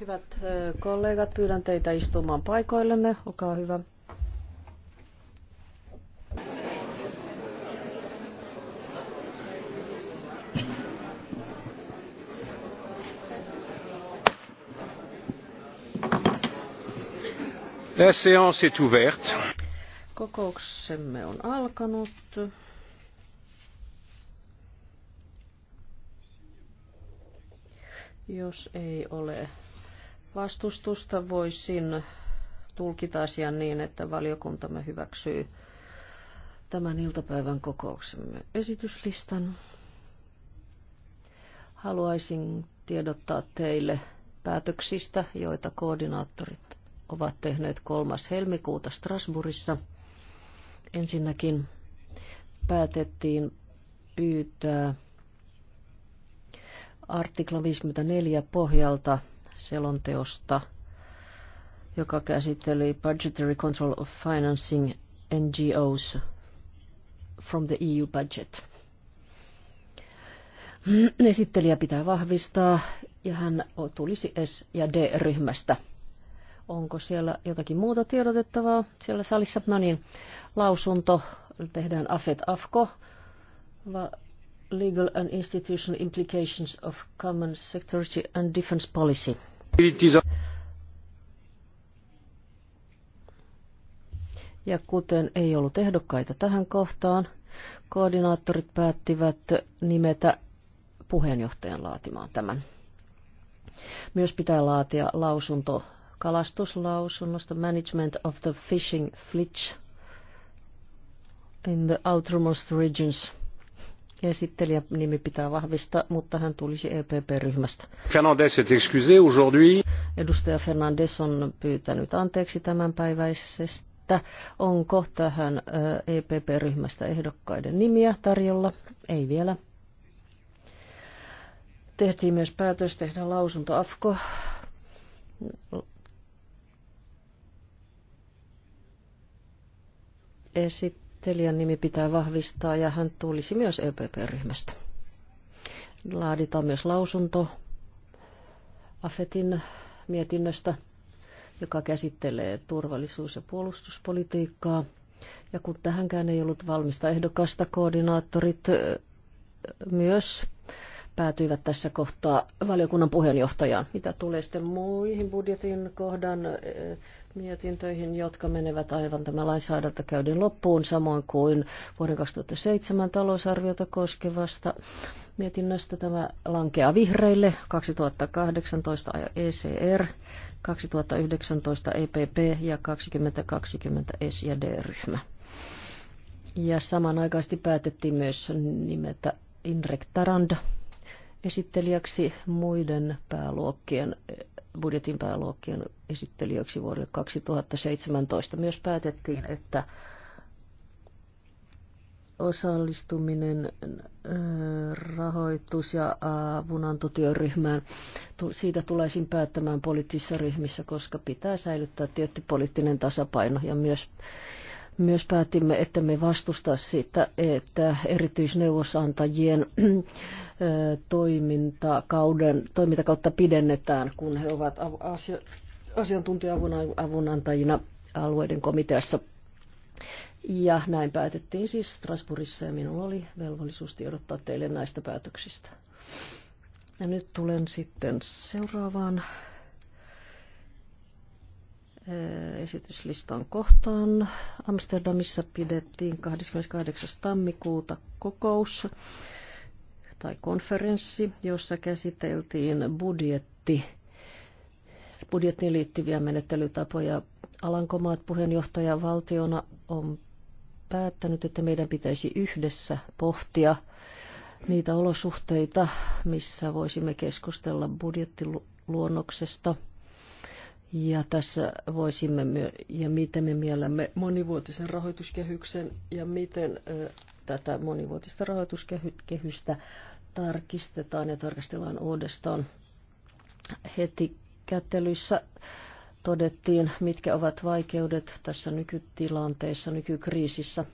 Hyvät kollegat, pyydän teitä istumaan paikoillenne. Olkaa hyvä. La séance est ouverte. Kokouksemme on alkanut. Jos ei ole vastustusta, voisin tulkita asian niin, että valiokuntamme hyväksyy tämän iltapäivän kokouksemme esityslistan. Haluaisin tiedottaa teille päätöksistä, joita koordinaattorit ovat tehneet 3. helmikuuta Strasbourgissa. Ensinnäkin päätettiin pyytää artikla 54 pohjalta selonteosta, joka käsitteli Budgetary Control of Financing NGOs from the EU budget. Esittelijä pitää vahvistaa ja hän tulisi S- ja D-ryhmästä. Onko siellä jotakin muuta tiedotettavaa siellä salissa? No niin, lausunto tehdään AFET AFKO legal and institutional implications of common security and defence policy. Ja kuten ei ollut ehdokkaita tähän kohtaan, koordinaattorit päättivät nimetä puheenjohtajan laatimaan tämän. Myös pitää laatia lausunto kalastuslausunnosta Management of the Fishing Fleet in the Outermost Regions – esittelijä nimi pitää vahvistaa, mutta hän tulisi EPP-ryhmästä. Fernandes est excusé aujourd'hui. Edustaja Fernandes on pyytänyt anteeksi tämänpäiväisestä. Onko tähän EPP-ryhmästä ehdokkaiden nimiä tarjolla? Ei vielä. Tehtiin myös päätös tehdä lausunto AFKO esit esittelijän nimi pitää vahvistaa ja hän tulisi myös EPP-ryhmästä. Laaditaan myös lausunto AFETin mietinnöstä, joka käsittelee turvallisuus- ja puolustuspolitiikkaa. Ja kun tähänkään ei ollut valmista ehdokasta, koordinaattorit myös päätyivät tässä kohtaa valiokunnan puheenjohtajaan. Mitä tulee sitten muihin budjetin kohdan mietintöihin, jotka menevät aivan tämän lainsäädäntökäyden loppuun, samoin kuin vuoden 2007 talousarviota koskevasta mietinnöstä. Tämä lankeaa vihreille 2018 ECR, 2019 EPP ja 2020 e e S- ja D-ryhmä. Ja samanaikaisesti päätettiin myös nimetä Inrek Taranda esittelijäksi muiden pääluokkien budjetin pääluokkien esittelijöiksi vuodelle 2017. Myös päätettiin, että osallistuminen äh, rahoitus- ja äh, avunantotyöryhmään. Siitä tulisin päättämään poliittisissa ryhmissä, koska pitää säilyttää tietty poliittinen tasapaino ja myös myös päätimme, että me vastusta sitä, että erityisneuvosantajien äh, toimintakauden, toimintakautta pidennetään, kun he ovat asia, asiantuntija-avunantajina alueiden komiteassa. Ja näin päätettiin siis Strasbourgissa ja minulla oli velvollisuus tiedottaa teille näistä päätöksistä. Ja nyt tulen sitten seuraavaan esityslistan kohtaan. Amsterdamissa pidettiin 28. tammikuuta kokous tai konferenssi, jossa käsiteltiin budjetti, budjettiin liittyviä menettelytapoja. Alankomaat valtiona on päättänyt, että meidän pitäisi yhdessä pohtia niitä olosuhteita, missä voisimme keskustella budjettiluonnoksesta – ja tässä voisimme, myö- ja miten me miellämme monivuotisen rahoituskehyksen ja miten ö, tätä monivuotista rahoituskehystä tarkistetaan ja tarkastellaan uudestaan. Heti kättelyssä todettiin, mitkä ovat vaikeudet tässä nykytilanteessa, nykykriisissä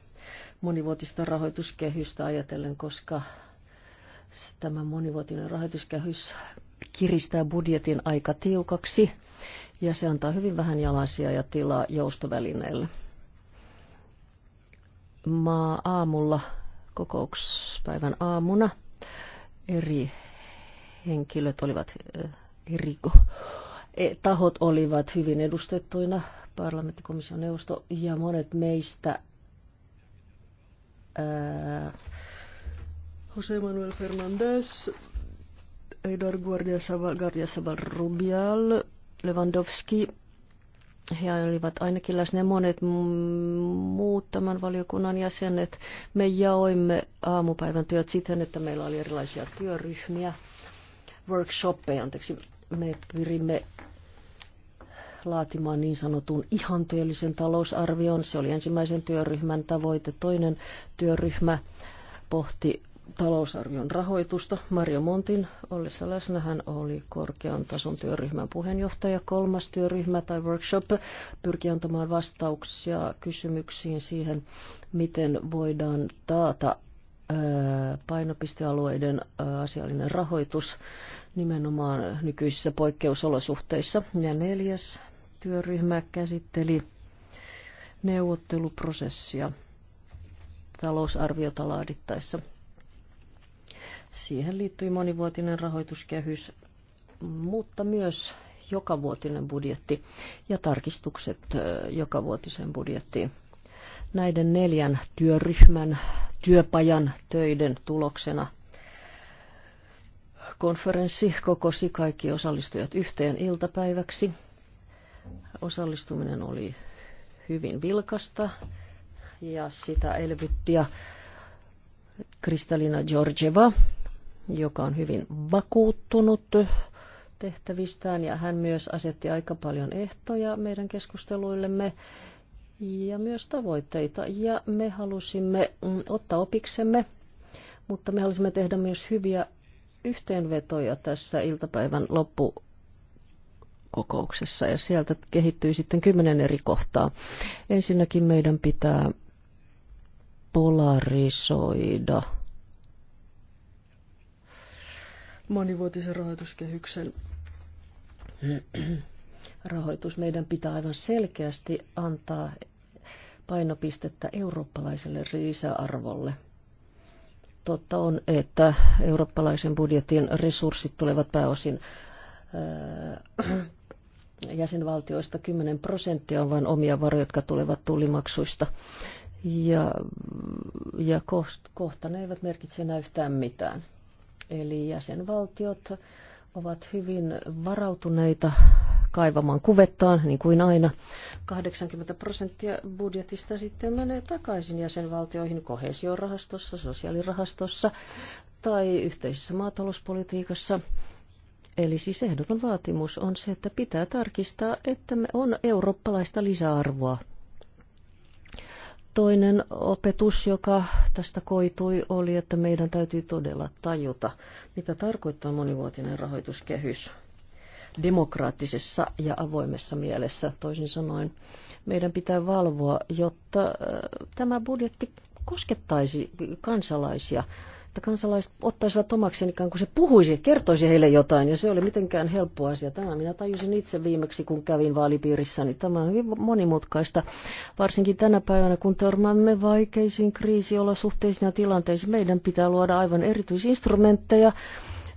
monivuotista rahoituskehystä ajatellen, koska tämä monivuotinen rahoituskehys kiristää budjetin aika tiukaksi ja se antaa hyvin vähän jalasia ja tilaa joustovälineelle. Maa aamulla, kokouspäivän aamuna, eri henkilöt olivat, eri e, tahot olivat hyvin edustettuina, parlamenttikomission neuvosto ja monet meistä ää, José Manuel Fernández, Eidar Guardia Sabal, Guardia Sabal Rubial, Lewandowski he olivat ainakin läsnä monet muut tämän valiokunnan jäsenet. Me jaoimme aamupäivän työt siten, että meillä oli erilaisia työryhmiä, workshoppeja, anteeksi. Me pyrimme laatimaan niin sanotun ihanteellisen talousarvion. Se oli ensimmäisen työryhmän tavoite. Toinen työryhmä pohti talousarvion rahoitusta. Mario Montin ollessa läsnä hän oli korkean tason työryhmän puheenjohtaja. Kolmas työryhmä tai workshop pyrki antamaan vastauksia kysymyksiin siihen, miten voidaan taata painopistealueiden asiallinen rahoitus nimenomaan nykyisissä poikkeusolosuhteissa. Ja neljäs työryhmä käsitteli neuvotteluprosessia talousarviota laadittaessa. Siihen liittyi monivuotinen rahoituskehys, mutta myös jokavuotinen budjetti ja tarkistukset jokavuotiseen budjettiin. Näiden neljän työryhmän työpajan töiden tuloksena konferenssi kokosi kaikki osallistujat yhteen iltapäiväksi. Osallistuminen oli hyvin vilkasta ja sitä elvytti ja Kristalina Georgieva, joka on hyvin vakuuttunut tehtävistään ja hän myös asetti aika paljon ehtoja meidän keskusteluillemme ja myös tavoitteita. Ja me halusimme mm, ottaa opiksemme, mutta me halusimme tehdä myös hyviä yhteenvetoja tässä iltapäivän loppukokouksessa ja sieltä kehittyy sitten kymmenen eri kohtaa. Ensinnäkin meidän pitää polarisoida – monivuotisen rahoituskehyksen rahoitus. Meidän pitää aivan selkeästi antaa painopistettä eurooppalaiselle lisäarvolle. Totta on, että eurooppalaisen budjetin resurssit tulevat pääosin äh, jäsenvaltioista 10 prosenttia on vain omia varoja, jotka tulevat tullimaksuista. Ja, ja kohta ne eivät merkitse enää yhtään mitään. Eli jäsenvaltiot ovat hyvin varautuneita kaivamaan kuvettaan, niin kuin aina. 80 prosenttia budjetista sitten menee takaisin jäsenvaltioihin kohesiorahastossa, sosiaalirahastossa tai yhteisessä maatalouspolitiikassa. Eli siis ehdoton vaatimus on se, että pitää tarkistaa, että me on eurooppalaista lisäarvoa Toinen opetus, joka tästä koitui, oli, että meidän täytyy todella tajuta, mitä tarkoittaa monivuotinen rahoituskehys demokraattisessa ja avoimessa mielessä. Toisin sanoen, meidän pitää valvoa, jotta äh, tämä budjetti koskettaisi kansalaisia että kansalaiset ottaisivat omakseen ikään kuin se puhuisi, kertoisi heille jotain, ja se oli mitenkään helppo asia. Tämä minä tajusin itse viimeksi, kun kävin vaalipiirissä, niin tämä on hyvin monimutkaista, varsinkin tänä päivänä, kun törmäämme vaikeisiin kriisiolosuhteisiin ja tilanteisiin. Meidän pitää luoda aivan erityisinstrumentteja,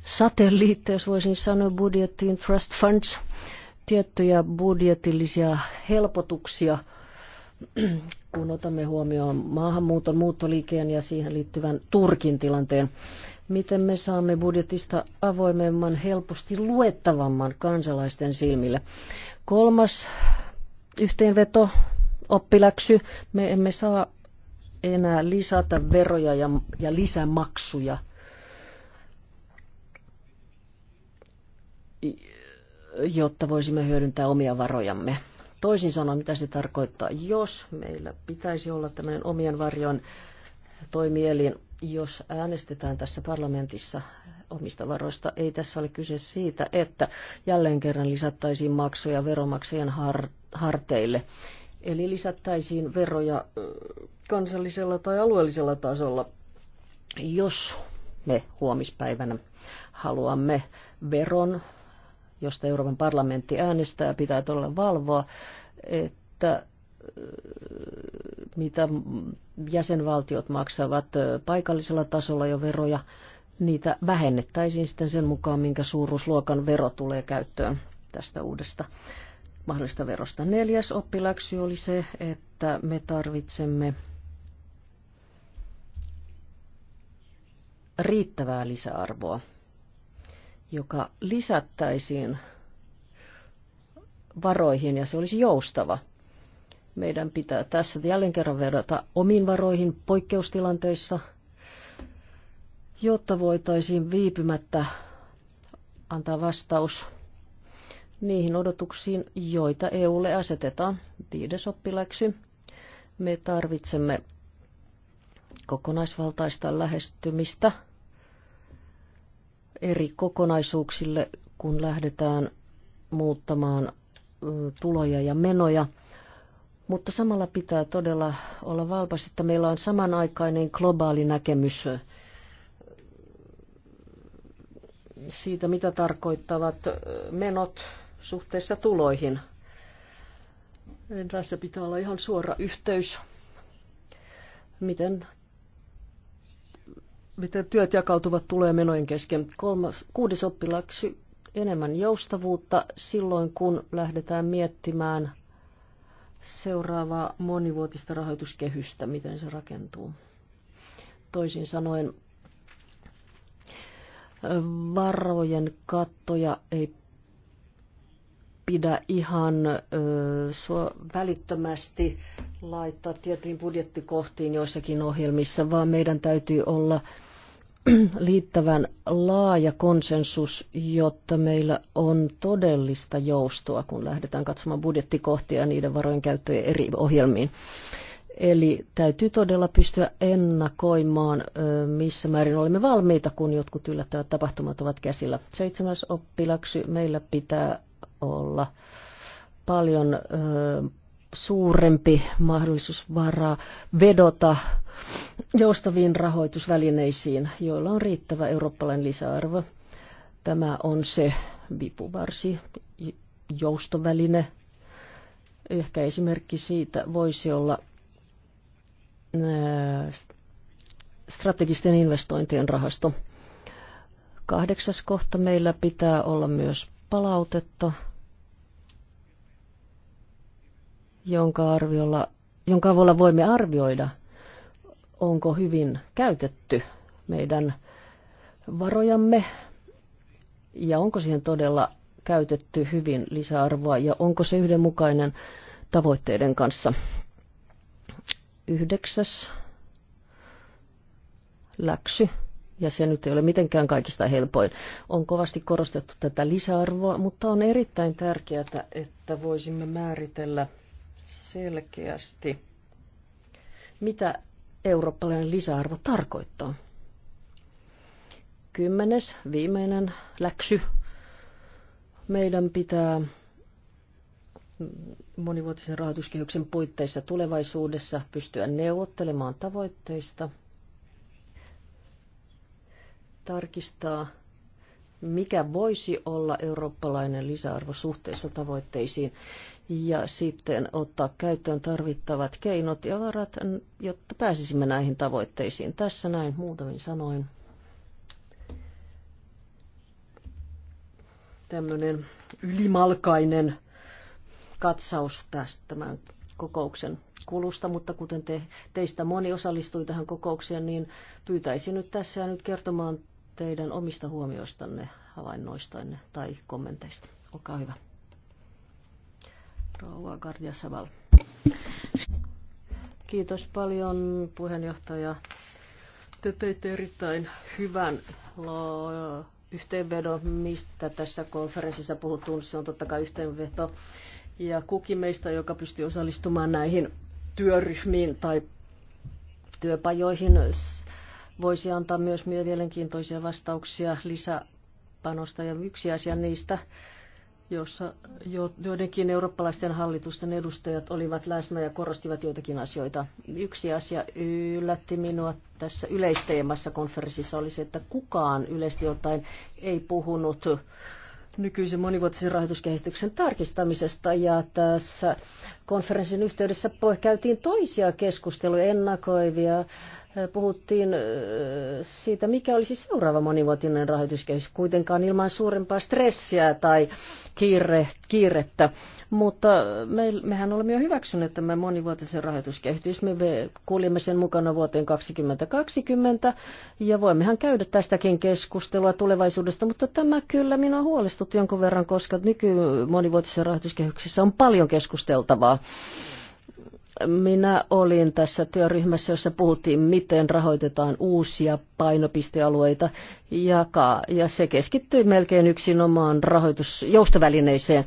satelliitteja, jos voisin sanoa, budjettiin, trust funds, tiettyjä budjetillisia helpotuksia – kun otamme huomioon maahanmuuton, muuttoliikkeen ja siihen liittyvän Turkin tilanteen. Miten me saamme budjetista avoimemman, helposti luettavamman kansalaisten silmille? Kolmas yhteenveto, oppiläksy. Me emme saa enää lisätä veroja ja, ja lisämaksuja. jotta voisimme hyödyntää omia varojamme. Toisin sanoen, mitä se tarkoittaa, jos meillä pitäisi olla tämmöinen omien varjon toimielin, jos äänestetään tässä parlamentissa omista varoista, ei tässä ole kyse siitä, että jälleen kerran lisättäisiin maksuja veromaksajien har- harteille. Eli lisättäisiin veroja kansallisella tai alueellisella tasolla, jos me huomispäivänä haluamme veron josta Euroopan parlamentti äänestää, ja pitää tuolla valvoa, että mitä jäsenvaltiot maksavat paikallisella tasolla jo veroja, niitä vähennettäisiin sitten sen mukaan, minkä suuruusluokan vero tulee käyttöön tästä uudesta mahdollista verosta. Neljäs oppiläksy oli se, että me tarvitsemme riittävää lisäarvoa joka lisättäisiin varoihin ja se olisi joustava. Meidän pitää tässä jälleen kerran verrata omiin varoihin poikkeustilanteissa, jotta voitaisiin viipymättä antaa vastaus niihin odotuksiin, joita EUlle asetetaan. Viides oppiläksy. Me tarvitsemme kokonaisvaltaista lähestymistä – eri kokonaisuuksille, kun lähdetään muuttamaan tuloja ja menoja. Mutta samalla pitää todella olla valpas, että meillä on samanaikainen globaali näkemys siitä, mitä tarkoittavat menot suhteessa tuloihin. Tässä pitää olla ihan suora yhteys, miten miten työt jakautuvat tulee menojen kesken. Kolmas, kuudes oppilaksi enemmän joustavuutta silloin, kun lähdetään miettimään seuraavaa monivuotista rahoituskehystä, miten se rakentuu. Toisin sanoen varojen kattoja ei pidä ihan ö, välittömästi laittaa tiettyihin budjettikohtiin joissakin ohjelmissa, vaan meidän täytyy olla liittävän laaja konsensus, jotta meillä on todellista joustoa, kun lähdetään katsomaan budjettikohtia ja niiden varojen käyttöjä eri ohjelmiin. Eli täytyy todella pystyä ennakoimaan, missä määrin olemme valmiita, kun jotkut yllättävät tapahtumat ovat käsillä. Seitsemäs oppilaksi meillä pitää olla paljon suurempi mahdollisuus varaa vedota joustaviin rahoitusvälineisiin, joilla on riittävä eurooppalainen lisäarvo. Tämä on se vipuvarsi, joustoväline. Ehkä esimerkki siitä voisi olla äh, strategisten investointien rahasto. Kahdeksas kohta meillä pitää olla myös palautetta jonka, arviolla, jonka avulla voimme arvioida, onko hyvin käytetty meidän varojamme ja onko siihen todella käytetty hyvin lisäarvoa ja onko se yhdenmukainen tavoitteiden kanssa. Yhdeksäs läksy, ja se nyt ei ole mitenkään kaikista helpoin. On kovasti korostettu tätä lisäarvoa, mutta on erittäin tärkeää, että voisimme määritellä selkeästi, mitä eurooppalainen lisäarvo tarkoittaa. Kymmenes, viimeinen läksy. Meidän pitää monivuotisen rahoituskehyksen puitteissa tulevaisuudessa pystyä neuvottelemaan tavoitteista, tarkistaa mikä voisi olla eurooppalainen lisäarvo suhteessa tavoitteisiin ja sitten ottaa käyttöön tarvittavat keinot ja varat, jotta pääsisimme näihin tavoitteisiin. Tässä näin muutamin sanoin. Tämmöinen ylimalkainen katsaus tästä tämän kokouksen kulusta, mutta kuten te, teistä moni osallistui tähän kokoukseen, niin pyytäisin nyt tässä nyt kertomaan teidän omista huomioistanne, havainnoistanne tai kommenteista. Olkaa hyvä. Rauha Gardia Saval. Kiitos paljon puheenjohtaja. Te teitte erittäin hyvän yhteenvedon, mistä tässä konferenssissa puhutuun. Se on totta kai yhteenveto. Ja kukin meistä, joka pystyy osallistumaan näihin työryhmiin tai työpajoihin, voisi antaa myös mielenkiintoisia vastauksia lisäpanosta. Ja yksi asia niistä, jossa joidenkin eurooppalaisten hallitusten edustajat olivat läsnä ja korostivat joitakin asioita. Yksi asia yllätti minua tässä yleisteemassa konferenssissa oli se, että kukaan yleisesti ottaen ei puhunut nykyisen monivuotisen rahoituskehityksen tarkistamisesta ja tässä konferenssin yhteydessä käytiin toisia keskusteluja, ennakoivia puhuttiin siitä, mikä olisi seuraava monivuotinen rahoituskehys, kuitenkaan ilman suurempaa stressiä tai kiire, kiirettä. Mutta me, mehän olemme jo hyväksyneet tämän monivuotisen rahoituskehitys. Me kuljemme sen mukana vuoteen 2020 ja voimmehan käydä tästäkin keskustelua tulevaisuudesta, mutta tämä kyllä minua huolestutti jonkun verran, koska nyky monivuotisessa rahoituskehyksessä on paljon keskusteltavaa minä olin tässä työryhmässä, jossa puhuttiin, miten rahoitetaan uusia painopistealueita jakaa, ja se keskittyi melkein yksinomaan rahoitusjoustovälineeseen.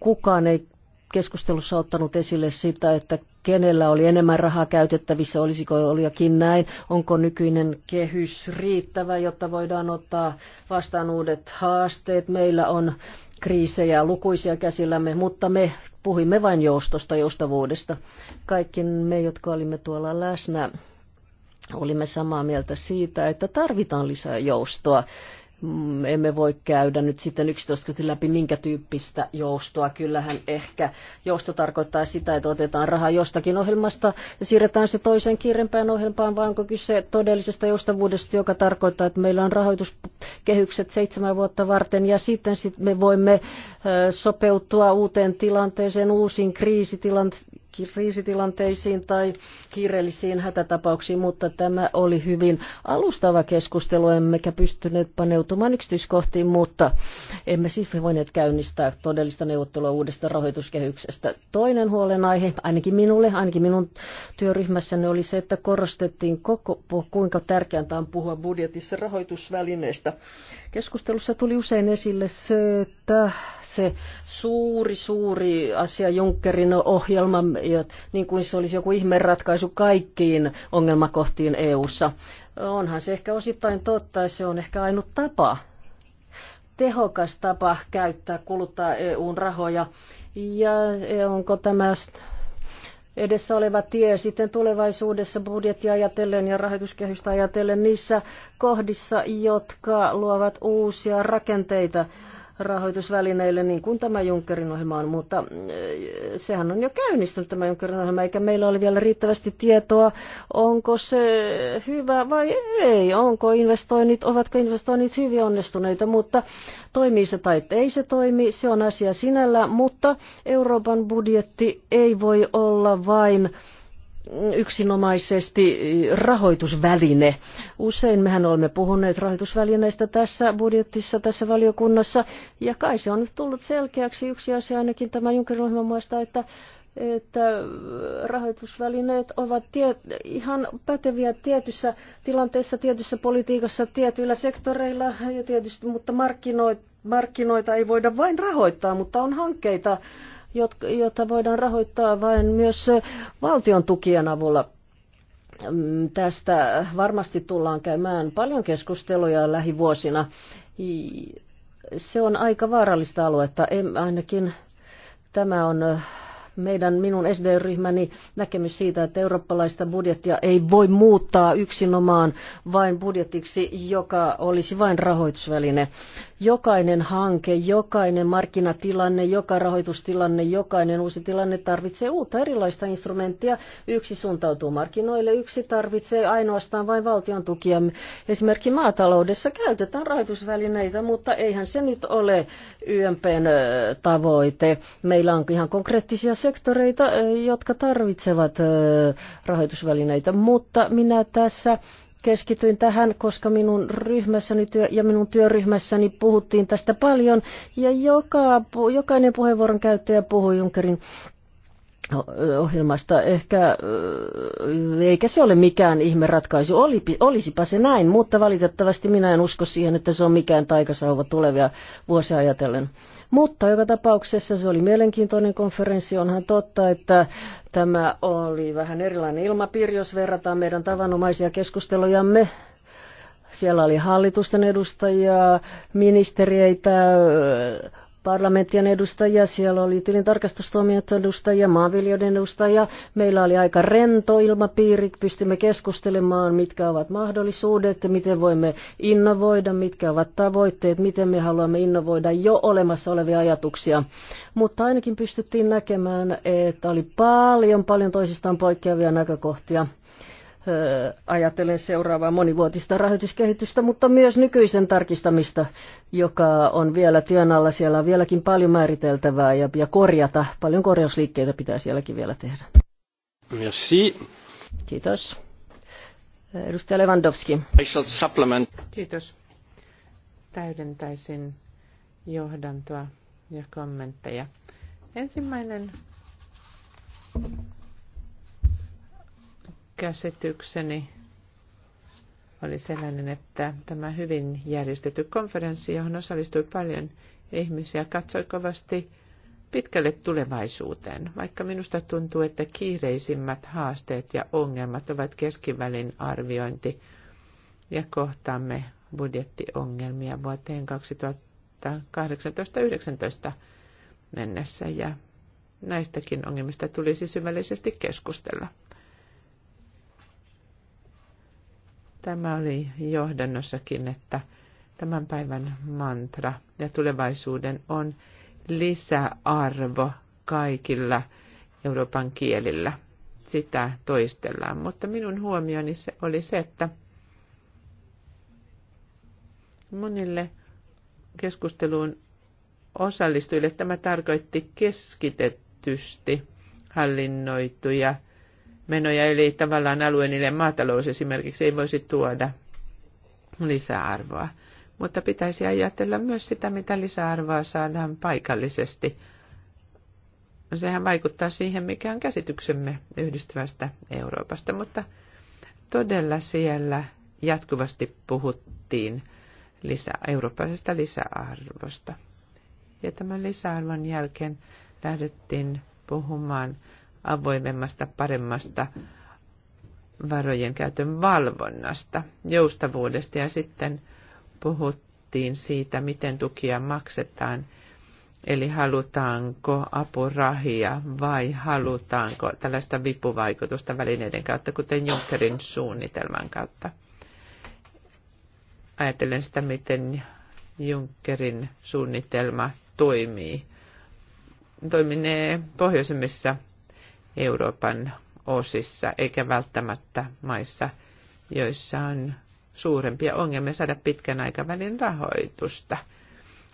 Kukaan ei keskustelussa ottanut esille sitä, että kenellä oli enemmän rahaa käytettävissä, olisiko olikin näin, onko nykyinen kehys riittävä, jotta voidaan ottaa vastaan uudet haasteet. Meillä on kriisejä lukuisia käsillämme, mutta me puhimme vain joustosta, joustavuudesta. Kaikki me, jotka olimme tuolla läsnä, olimme samaa mieltä siitä, että tarvitaan lisää joustoa Mm, emme voi käydä nyt sitten yksityiskohtaisesti läpi, minkä tyyppistä joustoa. Kyllähän ehkä jousto tarkoittaa sitä, että otetaan rahaa jostakin ohjelmasta ja siirretään se toiseen kiireempään ohjelmaan, vai onko kyse todellisesta joustavuudesta, joka tarkoittaa, että meillä on rahoituskehykset seitsemän vuotta varten ja sitten sit me voimme sopeutua uuteen tilanteeseen, uusiin kriisitilanteisiin kriisitilanteisiin tai kiireellisiin hätätapauksiin, mutta tämä oli hyvin alustava keskustelu, emmekä pystyneet paneutumaan yksityiskohtiin, mutta emme siis voineet käynnistää todellista neuvottelua uudesta rahoituskehyksestä. Toinen huolenaihe, ainakin minulle, ainakin minun työryhmässäni oli se, että korostettiin koko, kuinka tärkeää on puhua budjetissa rahoitusvälineistä. Keskustelussa tuli usein esille se, että se suuri, suuri asia Junckerin ohjelma, niin kuin se olisi joku ihmeratkaisu kaikkiin ongelmakohtiin EU:ssa. Onhan se ehkä osittain totta, ja se on ehkä ainut tapa, tehokas tapa käyttää, kuluttaa EUn rahoja. Ja onko tämä edessä oleva tie sitten tulevaisuudessa budjettia ajatellen ja rahoituskehystä ajatellen niissä kohdissa, jotka luovat uusia rakenteita rahoitusvälineille, niin kuin tämä Junckerin ohjelma on, mutta äh, sehän on jo käynnistynyt tämä Junckerin ohjelma, eikä meillä ole vielä riittävästi tietoa, onko se hyvä vai ei, onko investoinnit, ovatko investoinnit hyvin onnistuneita, mutta toimii se tai ei se toimi, se on asia sinällä, mutta Euroopan budjetti ei voi olla vain yksinomaisesti rahoitusväline. Usein mehän olemme puhuneet rahoitusvälineistä tässä budjetissa, tässä valiokunnassa, ja kai se on nyt tullut selkeäksi yksi asia ainakin tämän Junckerin ohjelman muista, että että rahoitusvälineet ovat tie, ihan päteviä tietyssä tilanteessa, tietyssä politiikassa, tietyillä sektoreilla ja tietysti, mutta markkinoita, markkinoita ei voida vain rahoittaa, mutta on hankkeita, jota voidaan rahoittaa vain myös valtion tukien avulla. Mm, tästä varmasti tullaan käymään paljon keskusteluja lähivuosina. Se on aika vaarallista aluetta, en, ainakin tämä on äh, meidän, minun SD-ryhmäni näkemys siitä, että eurooppalaista budjettia ei voi muuttaa yksinomaan vain budjetiksi, joka olisi vain rahoitusväline. Jokainen hanke, jokainen markkinatilanne, joka rahoitustilanne, jokainen uusi tilanne tarvitsee uutta erilaista instrumenttia. Yksi suuntautuu markkinoille, yksi tarvitsee ainoastaan vain valtion tukia. Esimerkiksi maataloudessa käytetään rahoitusvälineitä, mutta eihän se nyt ole YMPn tavoite. Meillä on ihan konkreettisia sektoreita, jotka tarvitsevat rahoitusvälineitä, mutta minä tässä keskityin tähän, koska minun ryhmässäni työ, ja minun työryhmässäni puhuttiin tästä paljon. Ja joka, jokainen puheenvuoron käyttäjä puhui Junkerin ohjelmasta. Ehkä, eikä se ole mikään ihme ratkaisu. olisipa se näin, mutta valitettavasti minä en usko siihen, että se on mikään taikasauva tulevia vuosia ajatellen. Mutta joka tapauksessa se oli mielenkiintoinen konferenssi. Onhan totta, että tämä oli vähän erilainen ilmapiiri, jos verrataan meidän tavanomaisia keskustelujamme siellä oli hallitusten edustajia, ministeriöitä, parlamenttien edustajia, siellä oli tilintarkastustuomioiden edustajia, maanviljelijöiden edustajia. Meillä oli aika rento ilmapiiri, pystymme keskustelemaan, mitkä ovat mahdollisuudet, miten voimme innovoida, mitkä ovat tavoitteet, miten me haluamme innovoida jo olemassa olevia ajatuksia. Mutta ainakin pystyttiin näkemään, että oli paljon, paljon toisistaan poikkeavia näkökohtia ajatellen seuraavaa monivuotista rahoituskehitystä, mutta myös nykyisen tarkistamista, joka on vielä työn alla. Siellä on vieläkin paljon määriteltävää ja, ja korjata. Paljon korjausliikkeitä pitää sielläkin vielä tehdä. Merci. Kiitos. Edustaja Lewandowski. I shall supplement. Kiitos. Täydentäisin johdantoa ja kommentteja. Ensimmäinen käsitykseni oli sellainen, että tämä hyvin järjestetty konferenssi, johon osallistui paljon ihmisiä, katsoi kovasti pitkälle tulevaisuuteen, vaikka minusta tuntuu, että kiireisimmät haasteet ja ongelmat ovat keskivälin arviointi ja kohtaamme budjettiongelmia vuoteen 2018-2019 mennessä ja näistäkin ongelmista tulisi syvällisesti keskustella. Tämä oli johdannossakin, että tämän päivän mantra ja tulevaisuuden on lisäarvo kaikilla Euroopan kielillä. Sitä toistellaan. Mutta minun huomioni se oli se, että monille keskusteluun osallistujille tämä tarkoitti keskitettysti hallinnoituja menoja, eli tavallaan alueellinen maatalous esimerkiksi ei voisi tuoda lisäarvoa. Mutta pitäisi ajatella myös sitä, mitä lisäarvoa saadaan paikallisesti. Sehän vaikuttaa siihen, mikä on käsityksemme yhdistyvästä Euroopasta, mutta todella siellä jatkuvasti puhuttiin lisä, eurooppalaisesta lisäarvosta. Ja tämän lisäarvon jälkeen lähdettiin puhumaan avoimemmasta, paremmasta varojen käytön valvonnasta, joustavuudesta ja sitten puhuttiin siitä, miten tukia maksetaan, eli halutaanko apurahia vai halutaanko tällaista vipuvaikutusta välineiden kautta, kuten Junckerin suunnitelman kautta. Ajattelen sitä, miten Junckerin suunnitelma toimii. Toiminee pohjoisemmissa Euroopan osissa, eikä välttämättä maissa, joissa on suurempia ongelmia saada pitkän aikavälin rahoitusta.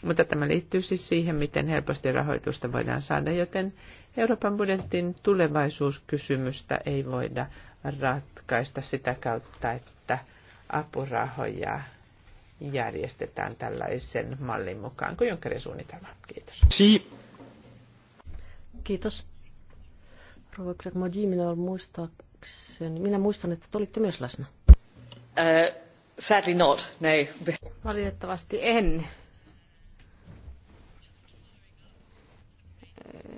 Mutta tämä liittyy siis siihen, miten helposti rahoitusta voidaan saada, joten Euroopan budjetin tulevaisuuskysymystä ei voida ratkaista sitä kautta, että apurahoja järjestetään tällaisen mallin mukaan kuin Junckerin suunnitelma. Kiitos. Si. Kiitos. Rova Krakmadi, minä muistaakseni, minä muistan, että te olitte myös läsnä. Uh, sadly not, no. Valitettavasti en. Eh,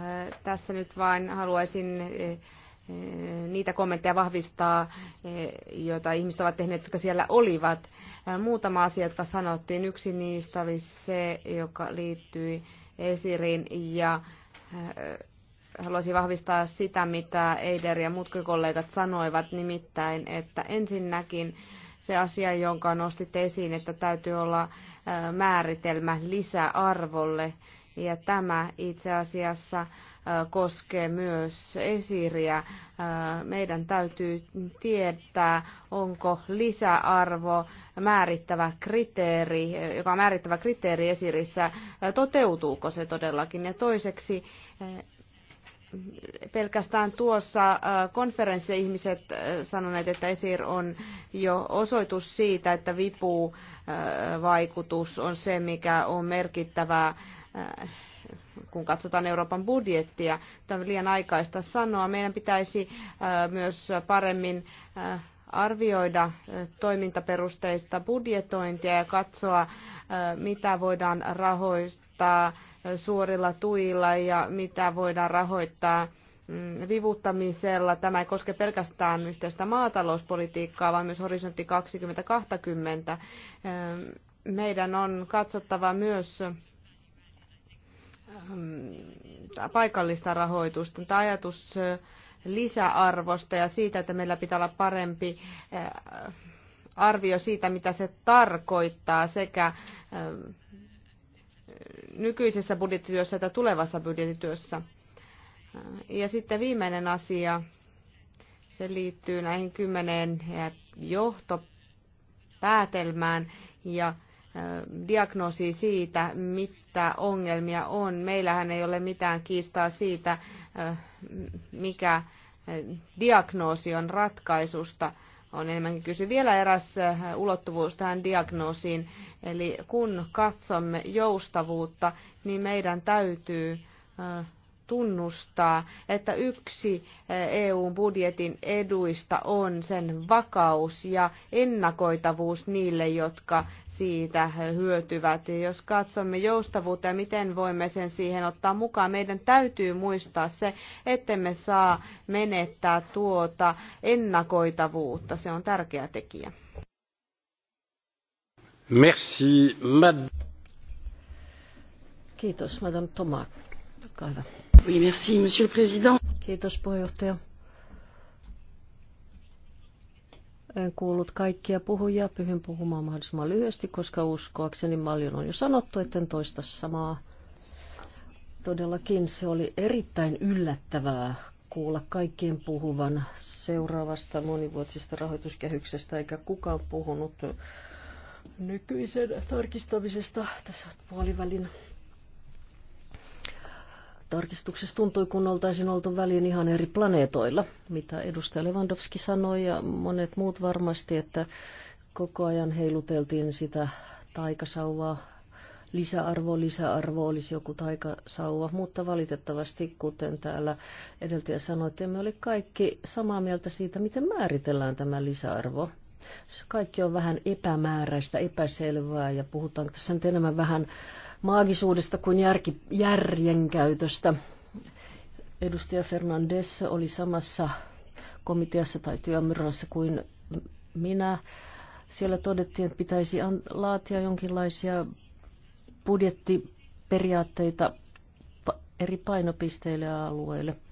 eh, tässä nyt vain haluaisin eh, niitä kommentteja vahvistaa, joita ihmiset ovat tehneet, jotka siellä olivat. Muutama asia, jotka sanottiin. Yksi niistä oli se, joka liittyi Esirin ja haluaisin vahvistaa sitä, mitä Eider ja muutkin kollegat sanoivat, nimittäin, että ensinnäkin se asia, jonka nostit esiin, että täytyy olla määritelmä lisäarvolle, ja tämä itse asiassa koskee myös esiriä. Meidän täytyy tietää, onko lisäarvo määrittävä kriteeri, joka on määrittävä kriteeri esirissä, toteutuuko se todellakin. Ja toiseksi pelkästään tuossa äh, konferenssissa ihmiset äh, sanoneet, että ESIR on jo osoitus siitä, että vipuvaikutus äh, on se, mikä on merkittävää kun katsotaan Euroopan budjettia. Tämä on liian aikaista sanoa. Meidän pitäisi myös paremmin arvioida toimintaperusteista budjetointia ja katsoa, mitä voidaan rahoista rahoittaa suorilla tuilla ja mitä voidaan rahoittaa mm, vivuttamisella. Tämä ei koske pelkästään yhteistä maatalouspolitiikkaa, vaan myös horisontti 2020. Ehm, meidän on katsottava myös ehm, paikallista rahoitusta. Tämä ajatus ehm, lisäarvosta ja siitä, että meillä pitää olla parempi arvio siitä, mitä se tarkoittaa sekä nykyisessä budjettityössä että tulevassa budjettityössä. Ja sitten viimeinen asia, se liittyy näihin kymmeneen johtopäätelmään ja diagnoosi siitä, mitä ongelmia on. Meillähän ei ole mitään kiistaa siitä, mikä diagnoosi on ratkaisusta on enemmänkin kysy. Vielä eräs äh, ulottuvuus tähän diagnoosiin, eli kun katsomme joustavuutta, niin meidän täytyy äh, tunnustaa, että yksi äh, EUn budjetin eduista on sen vakaus ja ennakoitavuus niille, jotka siitä hyötyvät. Ja Jos katsomme joustavuutta ja miten voimme sen siihen ottaa mukaan, meidän täytyy muistaa se, että me saa menettää tuota ennakoitavuutta. Se on tärkeä tekijä. Merci, mad- Kiitos, Madame Thomas. Oui, merci, Monsieur le Président. Kiitos, puheenjohtaja. En kuullut kaikkia puhujia, pyhyn puhumaan mahdollisimman lyhyesti, koska uskoakseni paljon on jo sanottu, etten toista samaa. Todellakin se oli erittäin yllättävää kuulla kaikkien puhuvan seuraavasta monivuotisesta rahoituskehyksestä, eikä kukaan puhunut nykyisen tarkistamisesta tässä puolivälin tarkistuksessa tuntui, kun oltaisiin oltu väliin ihan eri planeetoilla, mitä edustaja Lewandowski sanoi ja monet muut varmasti, että koko ajan heiluteltiin sitä taikasauvaa, lisäarvo, lisäarvo olisi joku taikasauva, mutta valitettavasti, kuten täällä edeltäjä sanoi, me oli kaikki samaa mieltä siitä, miten määritellään tämä lisäarvo. Kaikki on vähän epämääräistä, epäselvää ja puhutaan tässä nyt enemmän vähän maagisuudesta kuin järki, järjenkäytöstä. Edustaja Fernandes oli samassa komiteassa tai työmyrrassa kuin minä. Siellä todettiin, että pitäisi laatia jonkinlaisia budjettiperiaatteita eri painopisteille ja alueille –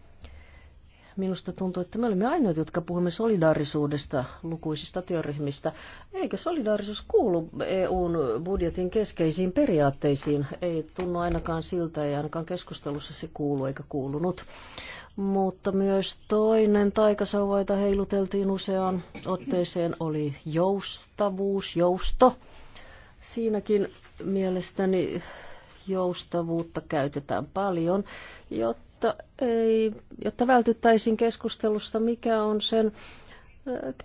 Minusta tuntuu, että me olemme ainoat, jotka puhumme solidaarisuudesta lukuisista työryhmistä. Eikö solidaarisuus kuulu EUn budjetin keskeisiin periaatteisiin? Ei tunnu ainakaan siltä, ei ainakaan keskustelussa se kuulu eikä kuulunut. Mutta myös toinen taikasauvaita heiluteltiin useaan otteeseen, oli joustavuus, jousto. Siinäkin mielestäni joustavuutta käytetään paljon, jotta jotta, ei, jotta vältyttäisiin keskustelusta, mikä on sen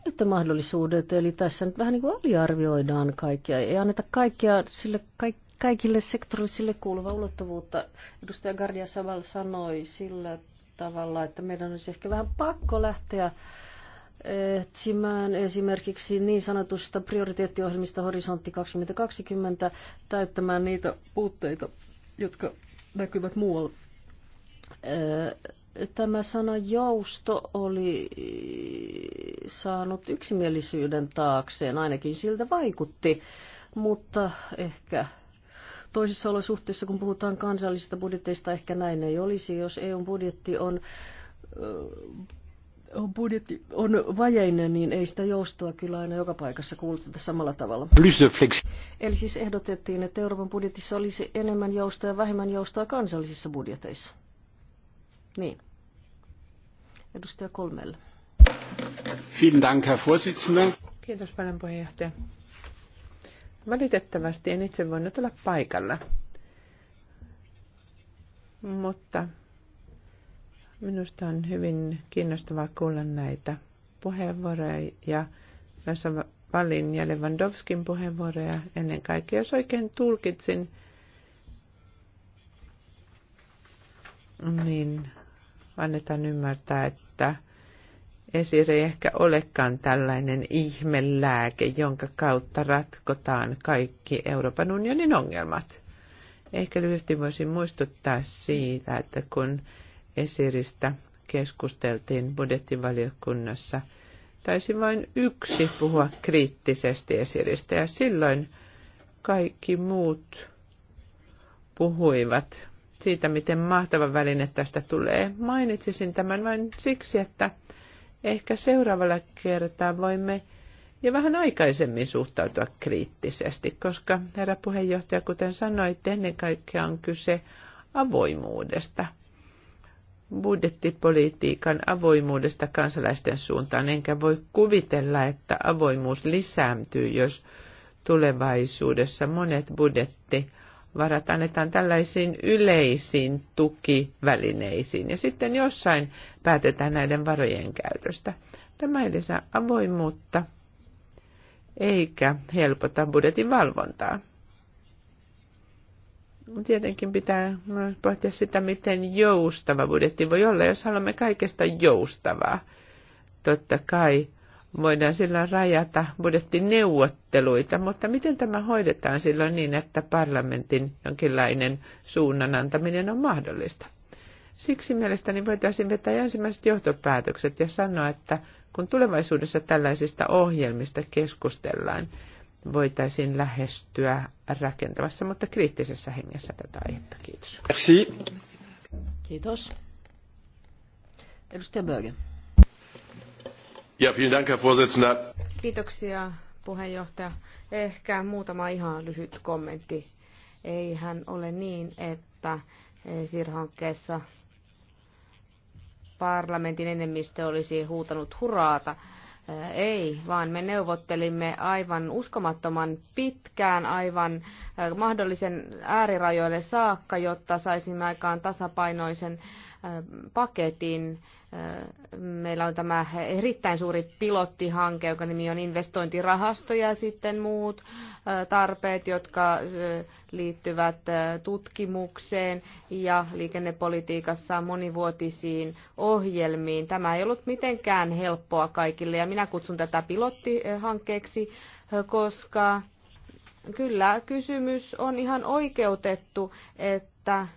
käyttömahdollisuudet. Eli tässä nyt vähän niin kuin aliarvioidaan kaikkia. Ei anneta kaikkia sille, kaik, kaikille sektorille sille kuuluvaa ulottuvuutta. Edustaja Gardia Saval sanoi sillä tavalla, että meidän olisi ehkä vähän pakko lähteä etsimään esimerkiksi niin sanotusta prioriteettiohjelmista Horisontti 2020 täyttämään niitä puutteita, jotka näkyvät muualla Tämä sana jousto oli saanut yksimielisyyden taakseen, ainakin siltä vaikutti, mutta ehkä toisissa olosuhteissa, kun puhutaan kansallisista budjetteista, ehkä näin ei olisi, jos EUn budjetti on on budjetti on vajeinen, niin ei sitä joustoa kyllä aina joka paikassa kuuluteta samalla tavalla. Eli siis ehdotettiin, että Euroopan budjetissa olisi enemmän joustoa ja vähemmän joustoa kansallisissa budjeteissa. Niin. Edustaja Kolmella. Vielen Dank, Herr Vorsitzender. Kiitos paljon puheenjohtaja. Valitettavasti en itse voinut olla paikalla, mutta minusta on hyvin kiinnostavaa kuulla näitä puheenvuoroja ja Lassa Valin ja Lewandowskin puheenvuoroja ennen kaikkea. Jos oikein tulkitsin, niin annetaan ymmärtää, että esire ei ehkä olekaan tällainen ihmelääke, jonka kautta ratkotaan kaikki Euroopan unionin ongelmat. Ehkä lyhyesti voisin muistuttaa siitä, että kun esiristä keskusteltiin budjettivaliokunnassa, taisi vain yksi puhua kriittisesti esiristä ja silloin kaikki muut puhuivat siitä, miten mahtava väline tästä tulee. Mainitsisin tämän vain siksi, että ehkä seuraavalla kertaa voimme ja vähän aikaisemmin suhtautua kriittisesti, koska herra puheenjohtaja, kuten sanoit, ennen kaikkea on kyse avoimuudesta, budjettipolitiikan avoimuudesta kansalaisten suuntaan, enkä voi kuvitella, että avoimuus lisääntyy, jos tulevaisuudessa monet budjettipolitiikan varat annetaan tällaisiin yleisiin tukivälineisiin ja sitten jossain päätetään näiden varojen käytöstä. Tämä ei lisää avoimuutta eikä helpota budjetin valvontaa. Tietenkin pitää myös pohtia sitä, miten joustava budjetti voi olla, jos haluamme kaikesta joustavaa. Totta kai voidaan sillä rajata budjettineuvotteluita, mutta miten tämä hoidetaan silloin niin, että parlamentin jonkinlainen suunnan antaminen on mahdollista? Siksi mielestäni voitaisiin vetää ensimmäiset johtopäätökset ja sanoa, että kun tulevaisuudessa tällaisista ohjelmista keskustellaan, voitaisiin lähestyä rakentavassa, mutta kriittisessä hengessä tätä aihetta. Kiitos. Merci. Kiitos. Edustaja Böge. Ja, vielen Kiitoksia, puheenjohtaja. Ehkä muutama ihan lyhyt kommentti. Eihän ole niin, että hankkeessa parlamentin enemmistö olisi huutanut hurraata. Ei, vaan me neuvottelimme aivan uskomattoman pitkään, aivan eh, mahdollisen äärirajoille saakka, jotta saisimme aikaan tasapainoisen paketin. Meillä on tämä erittäin suuri pilottihanke, joka nimi on investointirahasto ja sitten muut tarpeet, jotka liittyvät tutkimukseen ja liikennepolitiikassa monivuotisiin ohjelmiin. Tämä ei ollut mitenkään helppoa kaikille ja minä kutsun tätä pilottihankkeeksi, koska kyllä kysymys on ihan oikeutettu, että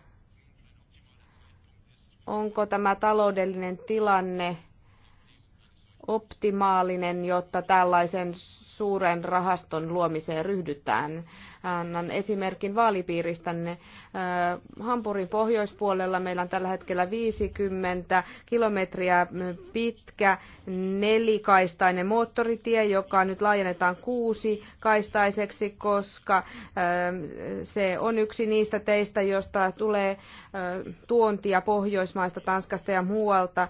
onko tämä taloudellinen tilanne optimaalinen, jotta tällaisen suuren rahaston luomiseen ryhdytään. Annan esimerkin vaalipiiristänne. Äh, Hampurin pohjoispuolella meillä on tällä hetkellä 50 kilometriä pitkä nelikaistainen moottoritie, joka nyt laajennetaan kuusi kaistaiseksi, koska äh, se on yksi niistä teistä, josta tulee äh, tuontia Pohjoismaista, Tanskasta ja muualta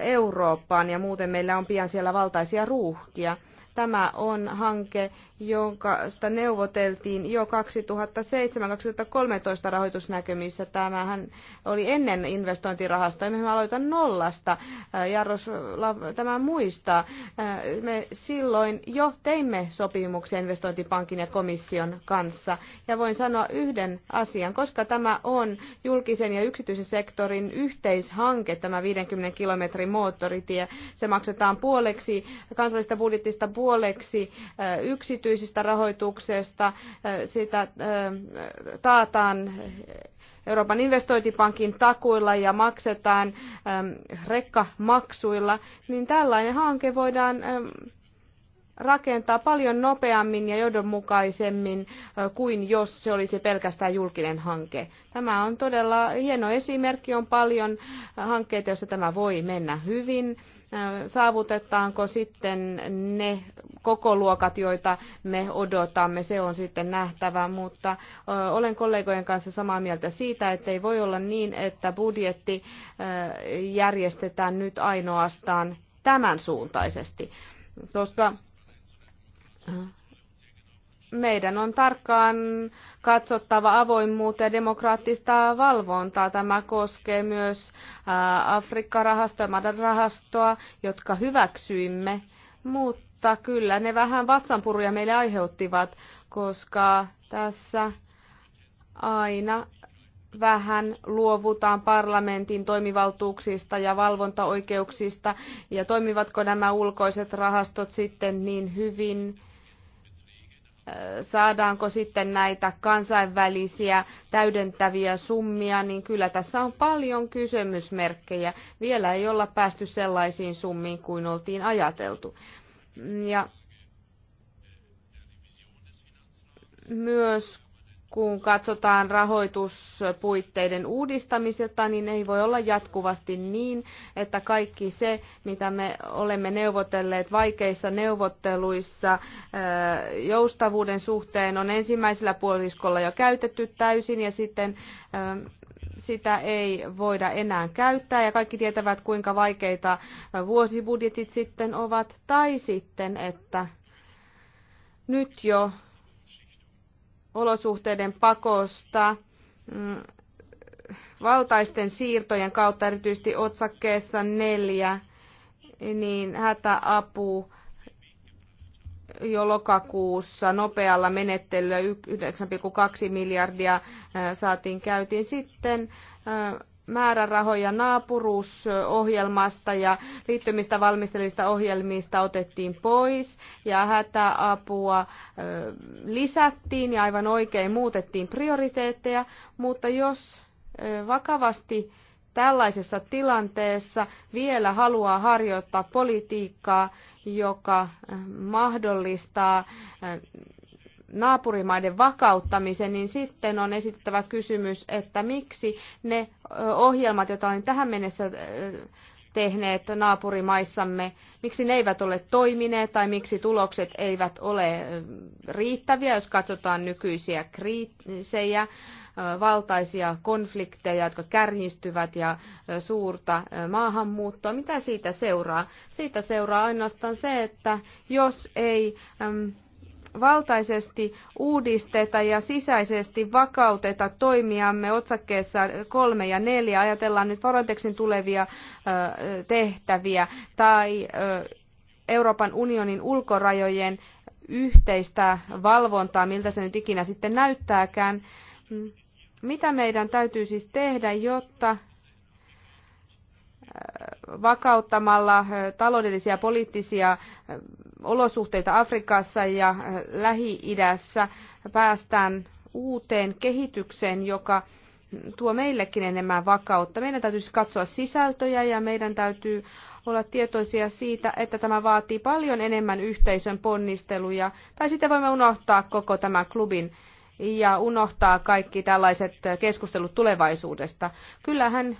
Eurooppaan, ja muuten meillä on pian siellä valtaisia ruuhkia. Tämä on hanke, jonka sitä neuvoteltiin jo 2007-2013 rahoitusnäkymissä. Tämähän oli ennen investointirahasta. me aloita nollasta. Äh, Jarros tämä muistaa. Äh, me silloin jo teimme sopimuksen investointipankin ja komission kanssa. Ja voin sanoa yhden asian, koska tämä on julkisen ja yksityisen sektorin yhteishanke, tämä 50 kilometrin moottoritie. Se maksetaan puoleksi kansallisesta budjettista puoleksi puoleksi yksityisistä rahoituksesta. Sitä taataan Euroopan investointipankin takuilla ja maksetaan rekkamaksuilla, niin tällainen hanke voidaan rakentaa paljon nopeammin ja johdonmukaisemmin kuin jos se olisi pelkästään julkinen hanke. Tämä on todella hieno esimerkki, on paljon hankkeita, joissa tämä voi mennä hyvin Saavutetaanko sitten ne koko luokat, joita me odotamme, se on sitten nähtävä, mutta olen kollegojen kanssa samaa mieltä siitä, että ei voi olla niin, että budjetti järjestetään nyt ainoastaan tämän suuntaisesti, koska meidän on tarkkaan katsottava avoimuutta ja demokraattista valvontaa. Tämä koskee myös Afrikka-rahastoa ja Madan-rahastoa, jotka hyväksyimme, mutta kyllä ne vähän vatsanpuruja meille aiheuttivat, koska tässä aina vähän luovutaan parlamentin toimivaltuuksista ja valvontaoikeuksista ja toimivatko nämä ulkoiset rahastot sitten niin hyvin saadaanko sitten näitä kansainvälisiä täydentäviä summia, niin kyllä tässä on paljon kysymysmerkkejä. Vielä ei olla päästy sellaisiin summiin kuin oltiin ajateltu. Ja myös kun katsotaan rahoituspuitteiden uudistamisesta, niin ei voi olla jatkuvasti niin, että kaikki se, mitä me olemme neuvotelleet vaikeissa neuvotteluissa joustavuuden suhteen, on ensimmäisellä puoliskolla jo käytetty täysin ja sitten sitä ei voida enää käyttää ja kaikki tietävät, kuinka vaikeita vuosibudjetit sitten ovat. Tai sitten, että nyt jo olosuhteiden pakosta mm, valtaisten siirtojen kautta, erityisesti otsakkeessa neljä, niin hätäapu jo lokakuussa nopealla menettelyllä 9,2 miljardia saatiin käytiin sitten määrärahoja naapuruusohjelmasta ja liittymistä valmistelevista ohjelmista otettiin pois ja hätäapua lisättiin ja aivan oikein muutettiin prioriteetteja, mutta jos vakavasti tällaisessa tilanteessa vielä haluaa harjoittaa politiikkaa, joka mahdollistaa naapurimaiden vakauttamisen, niin sitten on esittävä kysymys, että miksi ne ohjelmat, joita olen tähän mennessä tehneet naapurimaissamme, miksi ne eivät ole toimineet tai miksi tulokset eivät ole riittäviä, jos katsotaan nykyisiä kriisejä, valtaisia konflikteja, jotka kärjistyvät ja suurta maahanmuuttoa. Mitä siitä seuraa? Siitä seuraa ainoastaan se, että jos ei valtaisesti uudisteta ja sisäisesti vakauteta toimiamme otsakkeessa kolme ja neljä. Ajatellaan nyt Frontexin tulevia tehtäviä tai Euroopan unionin ulkorajojen yhteistä valvontaa, miltä se nyt ikinä sitten näyttääkään. Mitä meidän täytyy siis tehdä, jotta vakauttamalla taloudellisia ja poliittisia olosuhteita Afrikassa ja äh, Lähi-idässä, päästään uuteen kehitykseen, joka tuo meillekin enemmän vakautta. Meidän täytyy siis katsoa sisältöjä ja meidän täytyy olla tietoisia siitä, että tämä vaatii paljon enemmän yhteisön ponnisteluja, tai sitten voimme unohtaa koko tämän klubin ja unohtaa kaikki tällaiset keskustelut tulevaisuudesta. Kyllähän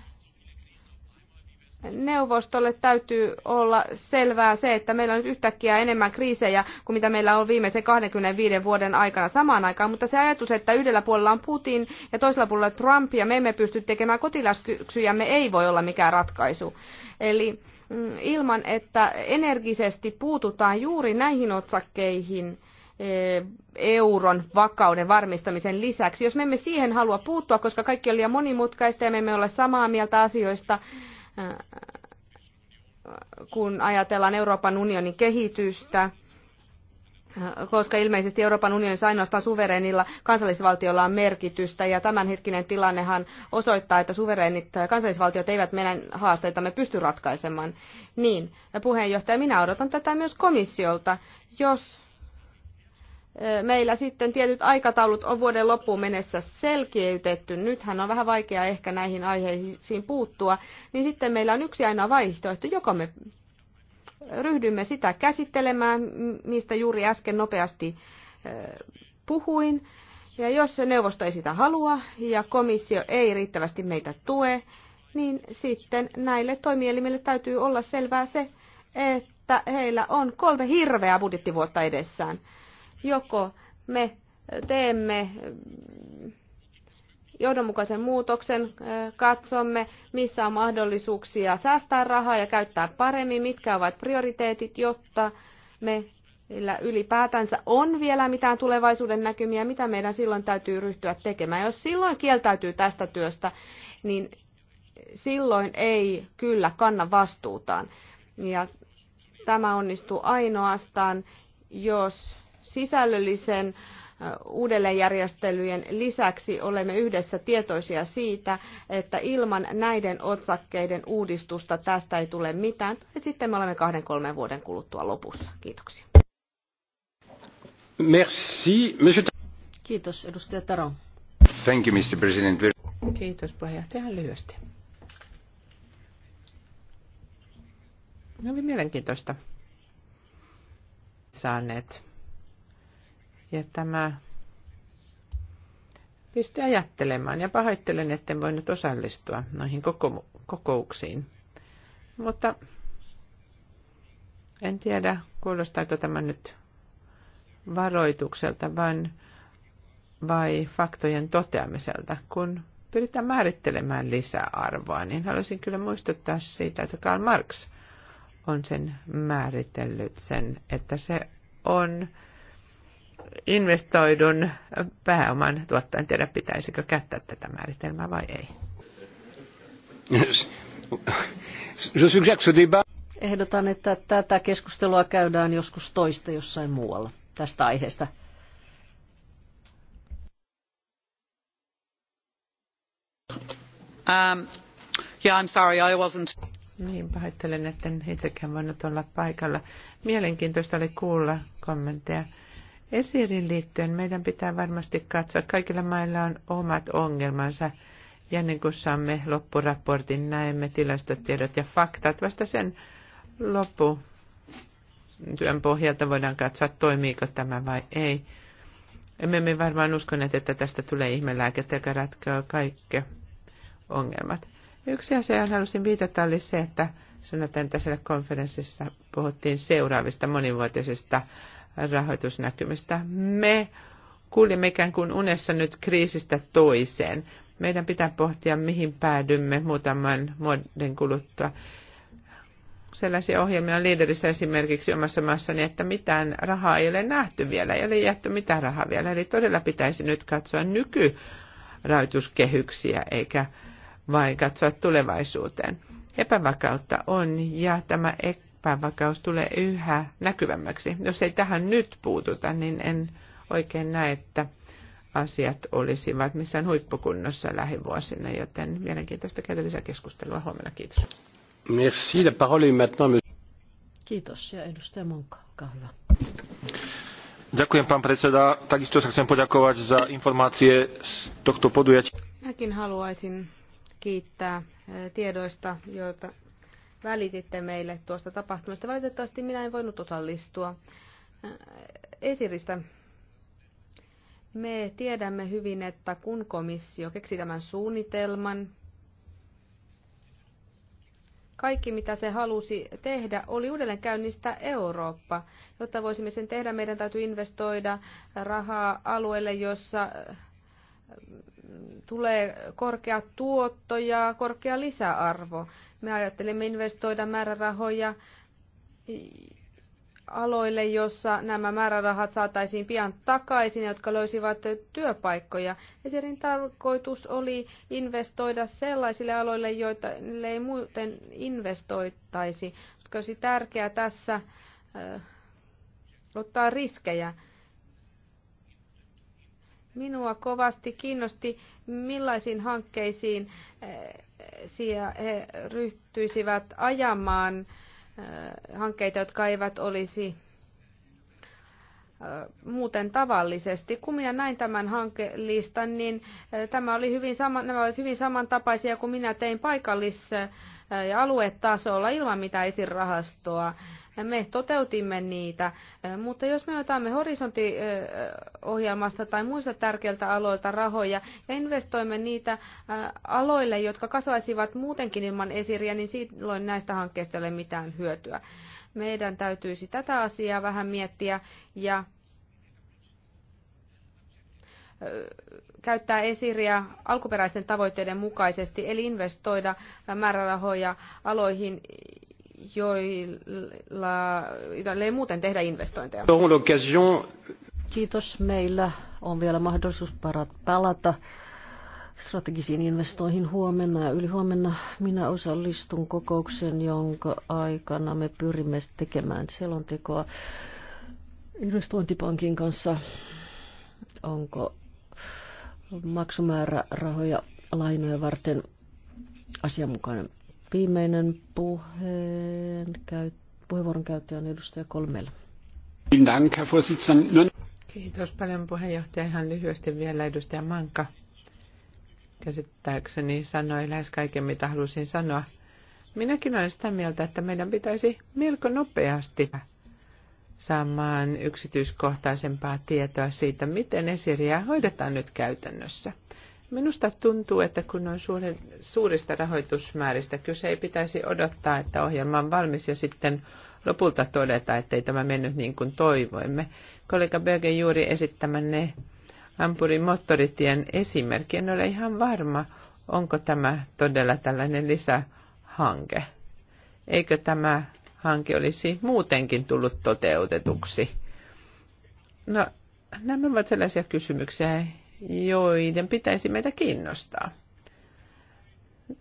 Neuvostolle täytyy olla selvää se, että meillä on nyt yhtäkkiä enemmän kriisejä kuin mitä meillä on viimeisen 25 vuoden aikana samaan aikaan, mutta se ajatus, että yhdellä puolella on Putin ja toisella puolella Trump ja me emme pysty tekemään me ei voi olla mikään ratkaisu. Eli mm, ilman, että energisesti puututaan juuri näihin otsakkeihin, eh, euron vakauden varmistamisen lisäksi. Jos me emme siihen halua puuttua, koska kaikki on liian monimutkaista ja me emme ole samaa mieltä asioista, Äh, kun ajatellaan Euroopan unionin kehitystä, äh, koska ilmeisesti Euroopan unionissa ainoastaan suvereenilla kansallisvaltiolla on merkitystä ja tämänhetkinen tilannehan osoittaa, että suvereenit kansallisvaltiot eivät meidän haasteitamme pysty ratkaisemaan. Niin, puheenjohtaja, minä odotan tätä myös komissiolta. Jos meillä sitten tietyt aikataulut on vuoden loppuun mennessä selkeytetty, nythän on vähän vaikea ehkä näihin aiheisiin puuttua, niin sitten meillä on yksi ainoa vaihtoehto, joko me ryhdymme sitä käsittelemään, mistä juuri äsken nopeasti puhuin, ja jos neuvosto ei sitä halua ja komissio ei riittävästi meitä tue, niin sitten näille toimielimille täytyy olla selvää se, että heillä on kolme hirveää budjettivuotta edessään. Joko me teemme mm, johdonmukaisen muutoksen, katsomme, missä on mahdollisuuksia säästää rahaa ja käyttää paremmin, mitkä ovat prioriteetit, jotta meillä ylipäätänsä on vielä mitään tulevaisuuden näkymiä, mitä meidän silloin täytyy ryhtyä tekemään. Jos silloin kieltäytyy tästä työstä, niin silloin ei kyllä kanna vastuutaan. Ja tämä onnistuu ainoastaan, jos sisällöllisen uudelleenjärjestelyjen lisäksi olemme yhdessä tietoisia siitä, että ilman näiden otsakkeiden uudistusta tästä ei tule mitään. Tai sitten me olemme kahden kolmen vuoden kuluttua lopussa. Kiitoksia. Merci. Monsieur... Kiitos, edustaja Taro. Thank you, Mr. President. Kiitos, puheenjohtaja. Lyhyesti. Ne oli mielenkiintoista saaneet ja tämä pisti ajattelemaan ja pahoittelen, etten voinut osallistua noihin koko, kokouksiin. Mutta en tiedä, kuulostaako tämä nyt varoitukselta vaan, vai faktojen toteamiselta. Kun pyritään määrittelemään lisäarvoa, niin haluaisin kyllä muistuttaa siitä, että Karl Marx on sen määritellyt sen, että se on investoidun pääoman tuottaa. En tiedä, pitäisikö käyttää tätä määritelmää vai ei. Ehdotan, että tätä keskustelua käydään joskus toista jossain muualla tästä aiheesta. Um, yeah, I'm sorry, I wasn't. Niin, pahoittelen, etten itsekään voinut olla paikalla. Mielenkiintoista oli kuulla kommentteja Esirin liittyen meidän pitää varmasti katsoa, kaikilla mailla on omat ongelmansa. Ja niin kuin saamme loppuraportin, näemme tilastotiedot ja faktat. Vasta sen loppu työn pohjalta voidaan katsoa, toimiiko tämä vai ei. Emme me varmaan uskoneet, että tästä tulee ihmelääkettä, joka ratkoo kaikki ongelmat. Yksi asia, johon halusin viitata, oli se, että sanotaan tässä konferenssissa puhuttiin seuraavista monivuotisista rahoitusnäkymistä. Me kuulimme ikään kuin unessa nyt kriisistä toiseen. Meidän pitää pohtia, mihin päädymme muutaman vuoden kuluttua. Sellaisia ohjelmia on liiderissä esimerkiksi omassa maassani, että mitään rahaa ei ole nähty vielä, ei ole jätty mitään rahaa vielä. Eli todella pitäisi nyt katsoa nykyrahoituskehyksiä eikä vain katsoa tulevaisuuteen. Epävakautta on ja tämä ek- epävakaus tulee yhä näkyvämmäksi. Jos ei tähän nyt puututa, niin en oikein näe, että asiat olisivat missään huippukunnossa lähivuosina, joten mielenkiintoista käydä keskustelua huomenna. Kiitos. Merci. La parole est maintenant... Kiitos ja edustaja Monka, olkaa hyvä. Ďakujem, pán predseda. Takisto sa chcem poďakovať za informácie z tohto podujatia. Minäkin haluaisin kiittää eh, tiedoista, joita välititte meille tuosta tapahtumasta. Valitettavasti minä en voinut osallistua. Äh, esiristä. Me tiedämme hyvin, että kun komissio keksi tämän suunnitelman, kaikki mitä se halusi tehdä oli uudelleen käynnistää Eurooppa. Jotta voisimme sen tehdä, meidän täytyy investoida rahaa alueelle, jossa äh, tulee korkea tuotto ja korkea lisäarvo. Me ajattelimme investoida määrärahoja aloille, jossa nämä määrärahat saataisiin pian takaisin, jotka löysivät työpaikkoja. Esirin tarkoitus oli investoida sellaisille aloille, joita ei muuten investoittaisi. Koska olisi tärkeää tässä ottaa riskejä. Minua kovasti kiinnosti, millaisiin hankkeisiin eh, he ryhtyisivät ajamaan eh, hankkeita, jotka eivät olisi muuten tavallisesti. Kun minä näin tämän hankelistan, niin tämä oli hyvin sama, nämä olivat hyvin samantapaisia kuin minä tein paikallis- ja aluetasolla ilman mitään esirahastoa. Me toteutimme niitä, mutta jos me otamme horisonttiohjelmasta tai muista tärkeiltä aloilta rahoja ja investoimme niitä aloille, jotka kasvaisivat muutenkin ilman esiriä, niin silloin näistä hankkeista ei ole mitään hyötyä. Meidän täytyisi tätä asiaa vähän miettiä ja käyttää esiriä alkuperäisten tavoitteiden mukaisesti, eli investoida määrärahoja aloihin, joilla, joilla ei muuten tehdä investointeja. Kiitos. Meillä on vielä mahdollisuus palata strategisiin investoihin huomenna ja ylihuomenna minä osallistun kokoukseen, jonka aikana me pyrimme tekemään selontekoa investointipankin kanssa. Onko maksumäärä rahoja lainoja varten asianmukainen? Viimeinen puheen käy, puheenvuoron käyttäjä on edustaja Kolmella. Kiitos paljon puheenjohtaja. Ihan lyhyesti vielä edustaja Manka käsittääkseni sanoi lähes kaiken, mitä halusin sanoa. Minäkin olen sitä mieltä, että meidän pitäisi melko nopeasti saamaan yksityiskohtaisempaa tietoa siitä, miten esiriä hoidetaan nyt käytännössä. Minusta tuntuu, että kun on suuri, suurista rahoitusmääristä kyse, ei pitäisi odottaa, että ohjelma on valmis ja sitten lopulta todeta, ettei tämä mennyt niin kuin toivoimme. Kollega Bergen juuri esittämänne Hampurin moottoritien esimerkki. En ole ihan varma, onko tämä todella tällainen lisähanke. Eikö tämä hanke olisi muutenkin tullut toteutetuksi? No, nämä ovat sellaisia kysymyksiä, joiden pitäisi meitä kiinnostaa.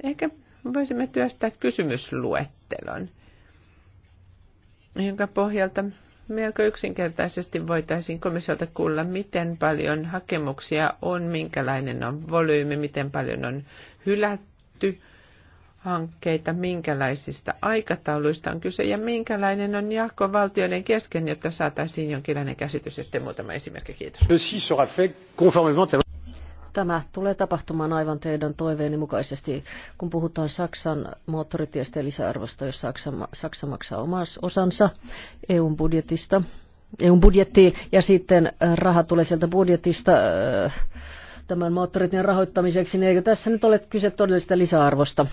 Ehkä voisimme työstää kysymysluettelon, jonka pohjalta Melko yksinkertaisesti voitaisiin komissiolta kuulla, miten paljon hakemuksia on, minkälainen on volyymi, miten paljon on hylätty hankkeita, minkälaisista aikatauluista on kyse ja minkälainen on jako valtioiden kesken, jotta saataisiin jonkinlainen käsitys. Ja sitten muutama esimerkki, kiitos. Tämä tulee tapahtumaan aivan teidän toiveeni mukaisesti, kun puhutaan Saksan moottoritiesten lisäarvosta, jos Saksa, Saksa maksaa omas osansa EUn budjetista. EUn budjettiin ja sitten äh, raha tulee sieltä budjetista äh, tämän moottoritien rahoittamiseksi, niin eikö tässä nyt ole kyse todellista lisäarvosta?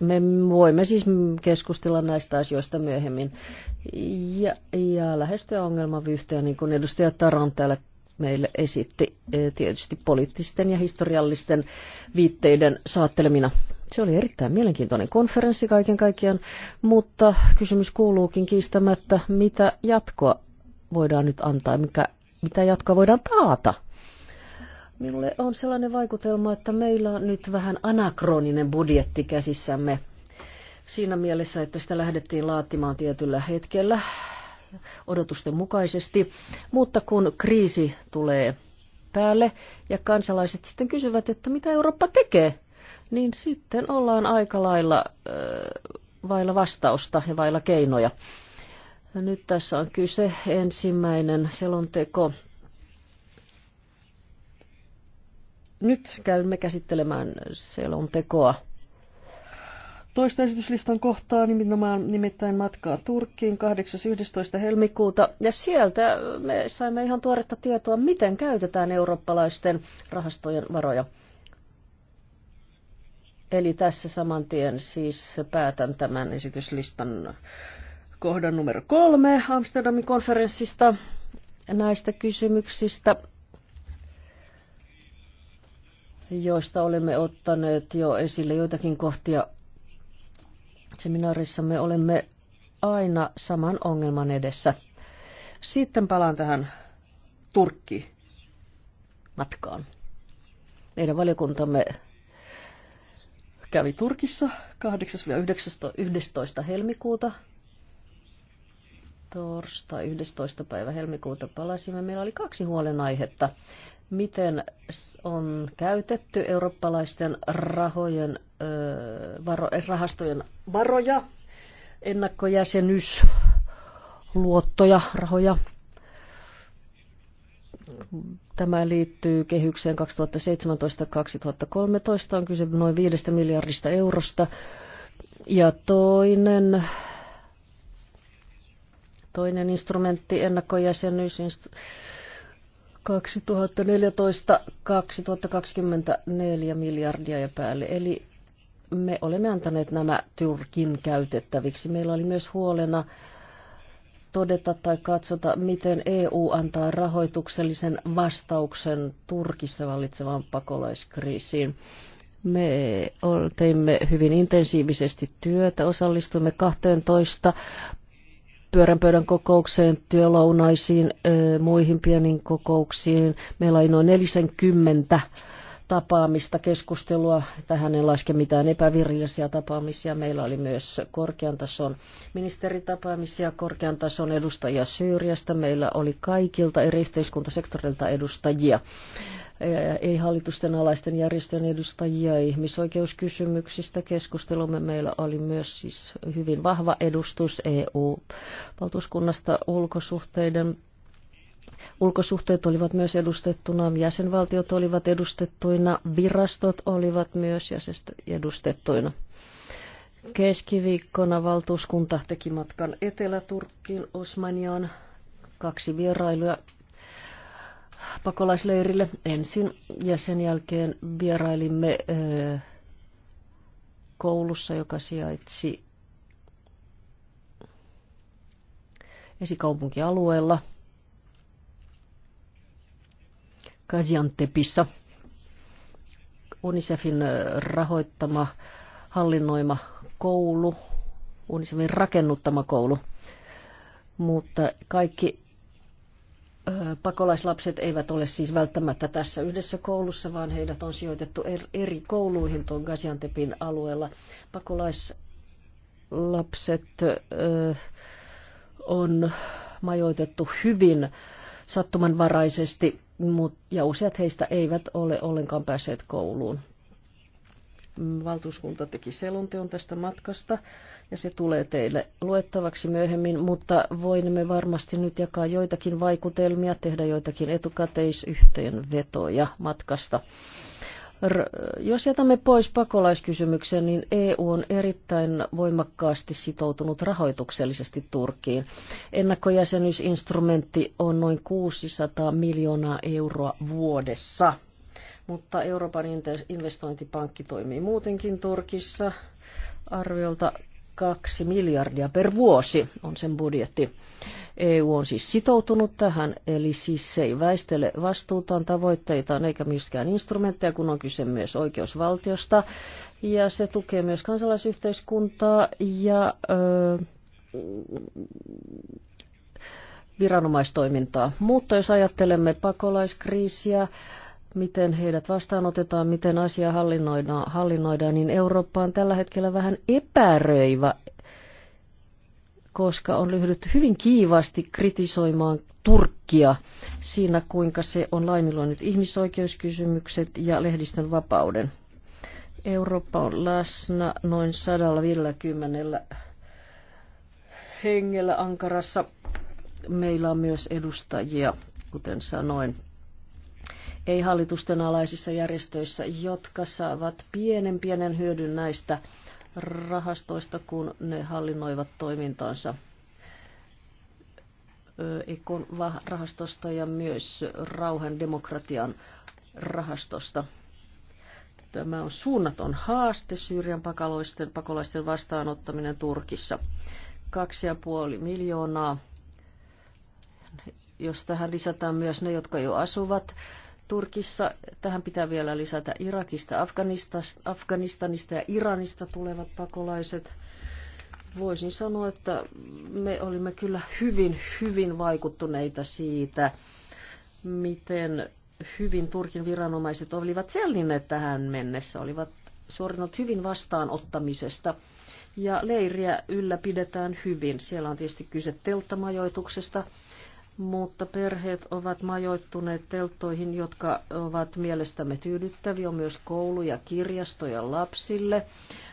me voimme siis keskustella näistä asioista myöhemmin ja, ja lähestyä ongelmavyhtiä, niin kuin edustaja Taran täällä meille esitti eh, tietysti poliittisten ja historiallisten viitteiden saattelemina. Se oli erittäin mielenkiintoinen konferenssi kaiken kaikkiaan, mutta kysymys kuuluukin kiistämättä, mitä jatkoa voidaan nyt antaa, mikä, mitä jatkoa voidaan taata. Minulle on sellainen vaikutelma, että meillä on nyt vähän anakroninen budjetti käsissämme siinä mielessä, että sitä lähdettiin laatimaan tietyllä hetkellä, odotusten mukaisesti, mutta kun kriisi tulee päälle ja kansalaiset sitten kysyvät, että mitä Eurooppa tekee, niin sitten ollaan aika lailla vailla vastausta ja vailla keinoja. Nyt tässä on kyse ensimmäinen selonteko. Nyt käymme käsittelemään selontekoa toista esityslistan kohtaa, nimenomaan nimittäin matkaa Turkkiin 8.11. helmikuuta. Ja sieltä me saimme ihan tuoretta tietoa, miten käytetään eurooppalaisten rahastojen varoja. Eli tässä saman tien siis päätän tämän esityslistan kohdan numero kolme Amsterdamin konferenssista näistä kysymyksistä joista olemme ottaneet jo esille joitakin kohtia seminaarissa me olemme aina saman ongelman edessä. Sitten palaan tähän Turkki-matkaan. Meidän valiokuntamme kävi Turkissa 8-11 helmikuuta. Torstai 11. päivä helmikuuta palasimme. Meillä oli kaksi huolenaihetta. Miten on käytetty eurooppalaisten rahojen varo, rahastojen varoja, ennakkojäsenyys, rahoja. Tämä liittyy kehykseen 2017-2013. On kyse noin 5 miljardista eurosta. Ja toinen, toinen instrumentti, ennakkojäsenyys, 2014-2024 miljardia ja päälle. Eli me olemme antaneet nämä Turkin käytettäviksi. Meillä oli myös huolena todeta tai katsota, miten EU antaa rahoituksellisen vastauksen Turkissa vallitsevaan pakolaiskriisiin. Me teimme hyvin intensiivisesti työtä, osallistuimme 12 pyöränpöydän kokoukseen, työlounaisiin, muihin pieniin kokouksiin. Meillä oli noin 40 tapaamista, keskustelua. Tähän en laske mitään epävirallisia tapaamisia. Meillä oli myös korkean tason ministeritapaamisia, korkean tason edustajia Syyriasta. Meillä oli kaikilta eri yhteiskuntasektorilta edustajia ei-hallitusten alaisten järjestöjen edustajia ihmisoikeuskysymyksistä. Keskustelumme meillä oli myös siis hyvin vahva edustus EU-valtuuskunnasta ulkosuhteiden Ulkosuhteet olivat myös edustettuna, jäsenvaltiot olivat edustettuina, virastot olivat myös edustettuina. Keskiviikkona valtuuskunta teki matkan Etelä-Turkkiin Osmaniaan kaksi vierailua pakolaisleirille ensin ja sen jälkeen vierailimme eh, koulussa, joka sijaitsi esikaupunkialueella – Gaziantepissa. UNICEFin äh, rahoittama, hallinnoima koulu, UNICEFin rakennuttama koulu. Mutta kaikki äh, pakolaislapset eivät ole siis välttämättä tässä yhdessä koulussa, vaan heidät on sijoitettu er-, eri kouluihin tuon Gaziantepin alueella. Pakolaislapset äh, on majoitettu hyvin sattumanvaraisesti ja useat heistä eivät ole ollenkaan päässeet kouluun. Valtuuskunta teki selonteon tästä matkasta ja se tulee teille luettavaksi myöhemmin, mutta voimme varmasti nyt jakaa joitakin vaikutelmia, tehdä joitakin etukäteisyhteenvetoja matkasta. Jos jätämme pois pakolaiskysymyksen, niin EU on erittäin voimakkaasti sitoutunut rahoituksellisesti Turkkiin. Ennakkojäsenyysinstrumentti on noin 600 miljoonaa euroa vuodessa. Mutta Euroopan investointipankki toimii muutenkin Turkissa arviolta kaksi miljardia per vuosi on sen budjetti. EU on siis sitoutunut tähän, eli siis se ei väistele vastuutaan, tavoitteitaan eikä myöskään instrumentteja, kun on kyse myös oikeusvaltiosta. Ja se tukee myös kansalaisyhteiskuntaa ja ö, viranomaistoimintaa. Mutta jos ajattelemme pakolaiskriisiä, miten heidät vastaanotetaan, miten asia hallinnoidaan, hallinnoidaan, niin Eurooppa on tällä hetkellä vähän epäröivä, koska on lyhdytty hyvin kiivasti kritisoimaan Turkkia siinä, kuinka se on laiminlyönyt ihmisoikeuskysymykset ja lehdistön vapauden. Eurooppa on läsnä noin 150 hengellä Ankarassa. Meillä on myös edustajia, kuten sanoin, ei hallitusten alaisissa järjestöissä, jotka saavat pienen pienen hyödyn näistä rahastoista, kun ne hallinnoivat toimintaansa Ekon rahastosta ja myös rauhan demokratian rahastosta. Tämä on suunnaton haaste Syyrian pakolaisten, pakolaisten vastaanottaminen Turkissa. 2,5 miljoonaa, jos tähän lisätään myös ne, jotka jo asuvat Turkissa. Tähän pitää vielä lisätä Irakista, Afganistanista, Afganistanista ja Iranista tulevat pakolaiset. Voisin sanoa, että me olimme kyllä hyvin, hyvin vaikuttuneita siitä, miten hyvin Turkin viranomaiset olivat selvinneet tähän mennessä, olivat suorittaneet hyvin vastaanottamisesta. Ja leiriä ylläpidetään hyvin. Siellä on tietysti kyse telttamajoituksesta, mutta perheet ovat majoittuneet telttoihin, jotka ovat mielestämme tyydyttäviä. On myös kouluja, kirjastoja lapsille,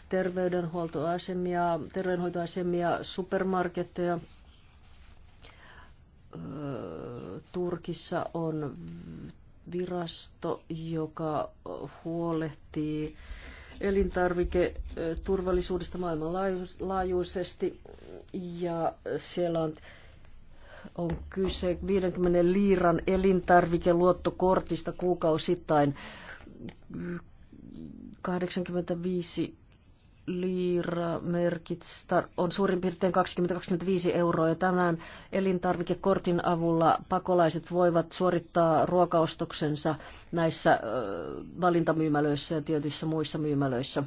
terveydenhuoltoasemia, terveydenhoitoasemia, supermarketteja. Öö, Turkissa on virasto, joka huolehtii elintarviketurvallisuudesta maailmanlaajuisesti ja siellä on on kyse 50 liiran elintarvikeluottokortista kuukausittain. 85 liira merkitsi, on suurin piirtein 20-25 euroa ja tämän elintarvikekortin avulla pakolaiset voivat suorittaa ruokaostoksensa näissä valintamyymälöissä ja tietyissä muissa myymälöissä.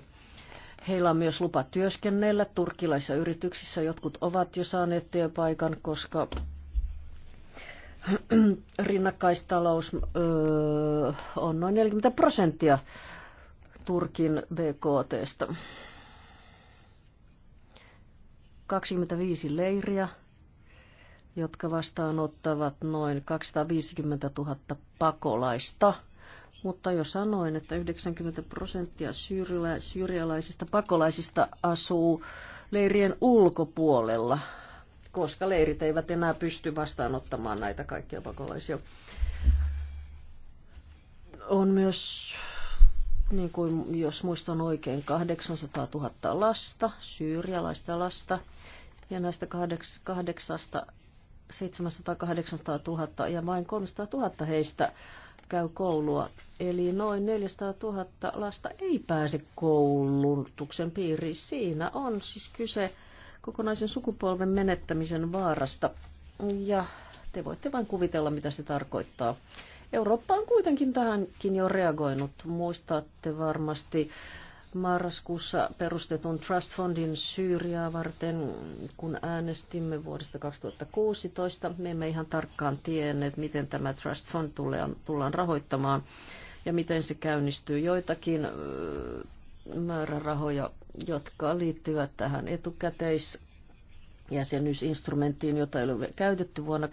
Heillä on myös lupa työskennellä turkkilaisissa yrityksissä. Jotkut ovat jo saaneet työpaikan, koska Rinnakkaistalous on noin 40 prosenttia Turkin BKTstä. 25 leiriä, jotka vastaanottavat noin 250 000 pakolaista. Mutta jo sanoin, että 90 prosenttia syyrialaisista pakolaisista asuu leirien ulkopuolella koska leirit eivät enää pysty vastaanottamaan näitä kaikkia pakolaisia. On myös, niin kuin jos muistan oikein, 800 000 lasta, syyrialaista lasta, ja näistä 800 700 000 ja vain 300 000 heistä käy koulua. Eli noin 400 000 lasta ei pääse koulutuksen piiriin. Siinä on siis kyse kokonaisen sukupolven menettämisen vaarasta. Ja te voitte vain kuvitella, mitä se tarkoittaa. Eurooppa on kuitenkin tähänkin jo reagoinut. Muistatte varmasti marraskuussa perustetun Trust Fundin Syyriaa varten, kun äänestimme vuodesta 2016. Me emme ihan tarkkaan tienneet, miten tämä Trust Fund tullaan rahoittamaan ja miten se käynnistyy. Joitakin määrärahoja jotka liittyvät tähän etukäteis jäsenyysinstrumenttiin, jota ei ole käytetty vuonna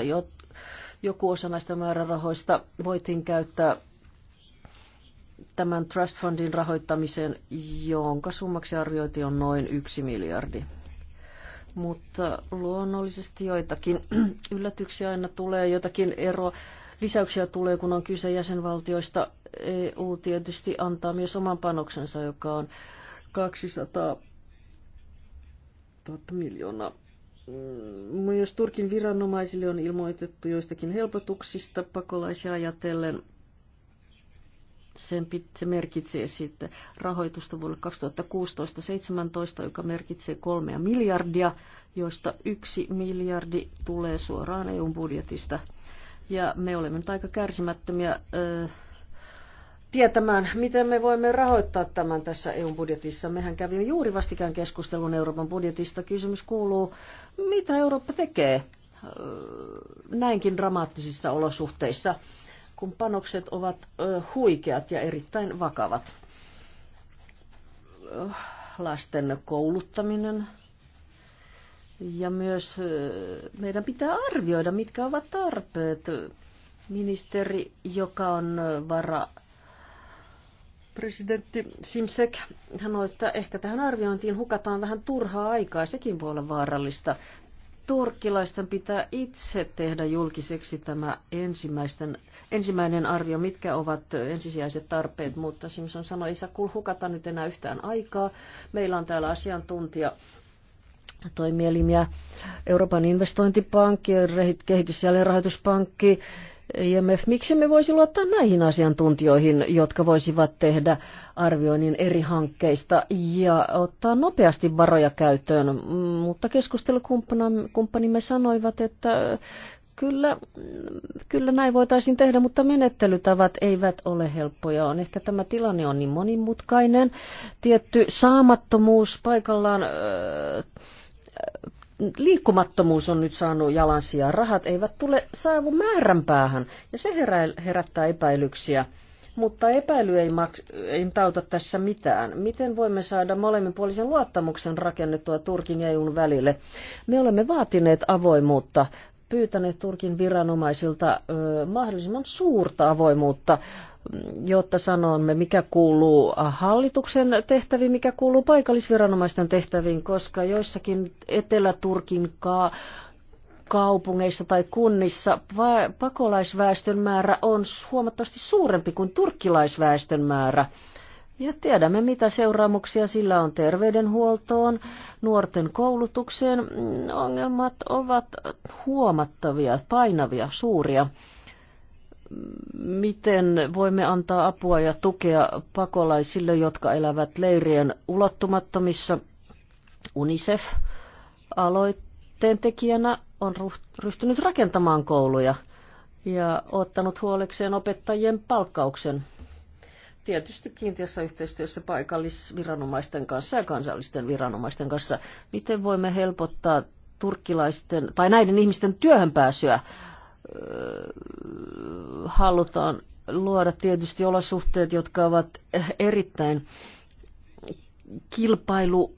2007-2013. Jo, joku osa näistä määrärahoista voitiin käyttää tämän Trust Fundin rahoittamiseen, jonka summaksi arvioitiin on noin yksi miljardi. Mutta luonnollisesti joitakin yllätyksiä aina tulee, jotakin eroa. Lisäyksiä tulee, kun on kyse jäsenvaltioista, EU tietysti antaa myös oman panoksensa, joka on 200 000 miljoonaa. Mm, myös Turkin viranomaisille on ilmoitettu joistakin helpotuksista pakolaisia ajatellen. Sen pit, se merkitsee sitten rahoitusta vuodelle 2016-2017, joka merkitsee kolmea miljardia, joista yksi miljardi tulee suoraan eu budjetista. Ja me olemme nyt aika kärsimättömiä. Öö, tietämään, miten me voimme rahoittaa tämän tässä EU-budjetissa. Mehän kävimme juuri vastikään keskustelun Euroopan budjetista. Kysymys kuuluu, mitä Eurooppa tekee äh, näinkin dramaattisissa olosuhteissa, kun panokset ovat äh, huikeat ja erittäin vakavat. Äh, lasten kouluttaminen ja myös meidän pitää arvioida, mitkä ovat tarpeet. Ministeri, joka on vara Presidentti Simsek sanoi, että ehkä tähän arviointiin hukataan vähän turhaa aikaa, sekin voi olla vaarallista. Turkkilaisten pitää itse tehdä julkiseksi tämä ensimmäisten, ensimmäinen arvio, mitkä ovat ensisijaiset tarpeet, mutta Simson sanoi, ei saa hukata nyt enää yhtään aikaa. Meillä on täällä asiantuntija toimielimiä, Euroopan investointipankki, kehitys- ja rahoituspankki, IMF, miksi me voisi luottaa näihin asiantuntijoihin, jotka voisivat tehdä arvioinnin eri hankkeista ja ottaa nopeasti varoja käyttöön, mutta keskustelukumppanimme sanoivat, että Kyllä, kyllä näin voitaisiin tehdä, mutta menettelytavat eivät ole helppoja. On ehkä tämä tilanne on niin monimutkainen. Tietty saamattomuus paikallaan liikkumattomuus on nyt saanut jalansijaa. Rahat eivät tule saavu määränpäähän ja se herättää epäilyksiä. Mutta epäily ei, maks- ei tauta tässä mitään. Miten voimme saada puolisen luottamuksen rakennettua Turkin ja EUn välille? Me olemme vaatineet avoimuutta, pyytäneet Turkin viranomaisilta ö, mahdollisimman suurta avoimuutta jotta sanomme, mikä kuuluu hallituksen tehtäviin, mikä kuuluu paikallisviranomaisten tehtäviin, koska joissakin Etelä-Turkin ka- kaupungeissa tai kunnissa pakolaisväestön määrä on huomattavasti suurempi kuin turkkilaisväestön määrä. Ja tiedämme, mitä seuraamuksia sillä on terveydenhuoltoon, nuorten koulutukseen. Mm, ongelmat ovat huomattavia, painavia, suuria miten voimme antaa apua ja tukea pakolaisille, jotka elävät leirien ulottumattomissa. UNICEF aloitteen tekijänä on ryhtynyt rakentamaan kouluja ja ottanut huolekseen opettajien palkkauksen. Tietysti kiinteässä yhteistyössä paikallisviranomaisten kanssa ja kansallisten viranomaisten kanssa. Miten voimme helpottaa turkkilaisten tai näiden ihmisten työhön pääsyä halutaan luoda tietysti olosuhteet, jotka ovat erittäin kilpailu,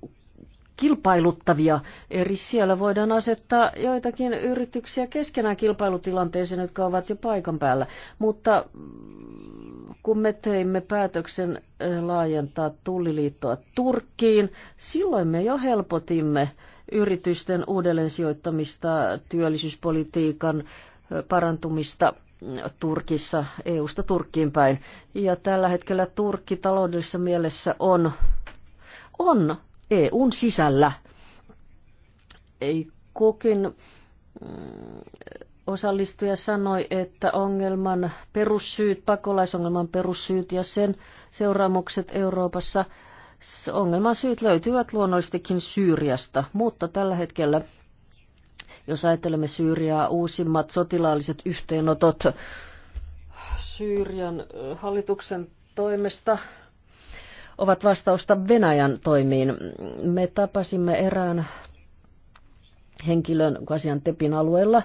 kilpailuttavia. Eri siellä voidaan asettaa joitakin yrityksiä keskenään kilpailutilanteeseen, jotka ovat jo paikan päällä. Mutta mm, kun me teimme päätöksen laajentaa tulliliittoa Turkkiin, silloin me jo helpotimme yritysten uudelleensijoittamista työllisyyspolitiikan parantumista Turkissa, EU-sta Turkkiin päin. Ja tällä hetkellä Turkki taloudellisessa mielessä on, on EUn sisällä. Ei kukin mm, osallistuja sanoi, että ongelman perussyyt, pakolaisongelman perussyyt ja sen seuraamukset Euroopassa, ongelman syyt löytyvät luonnollistikin Syyriasta, mutta tällä hetkellä jos ajattelemme Syyriaa, uusimmat sotilaalliset yhteenotot Syyrian hallituksen toimesta ovat vastausta Venäjän toimiin. Me tapasimme erään henkilön tepin alueella,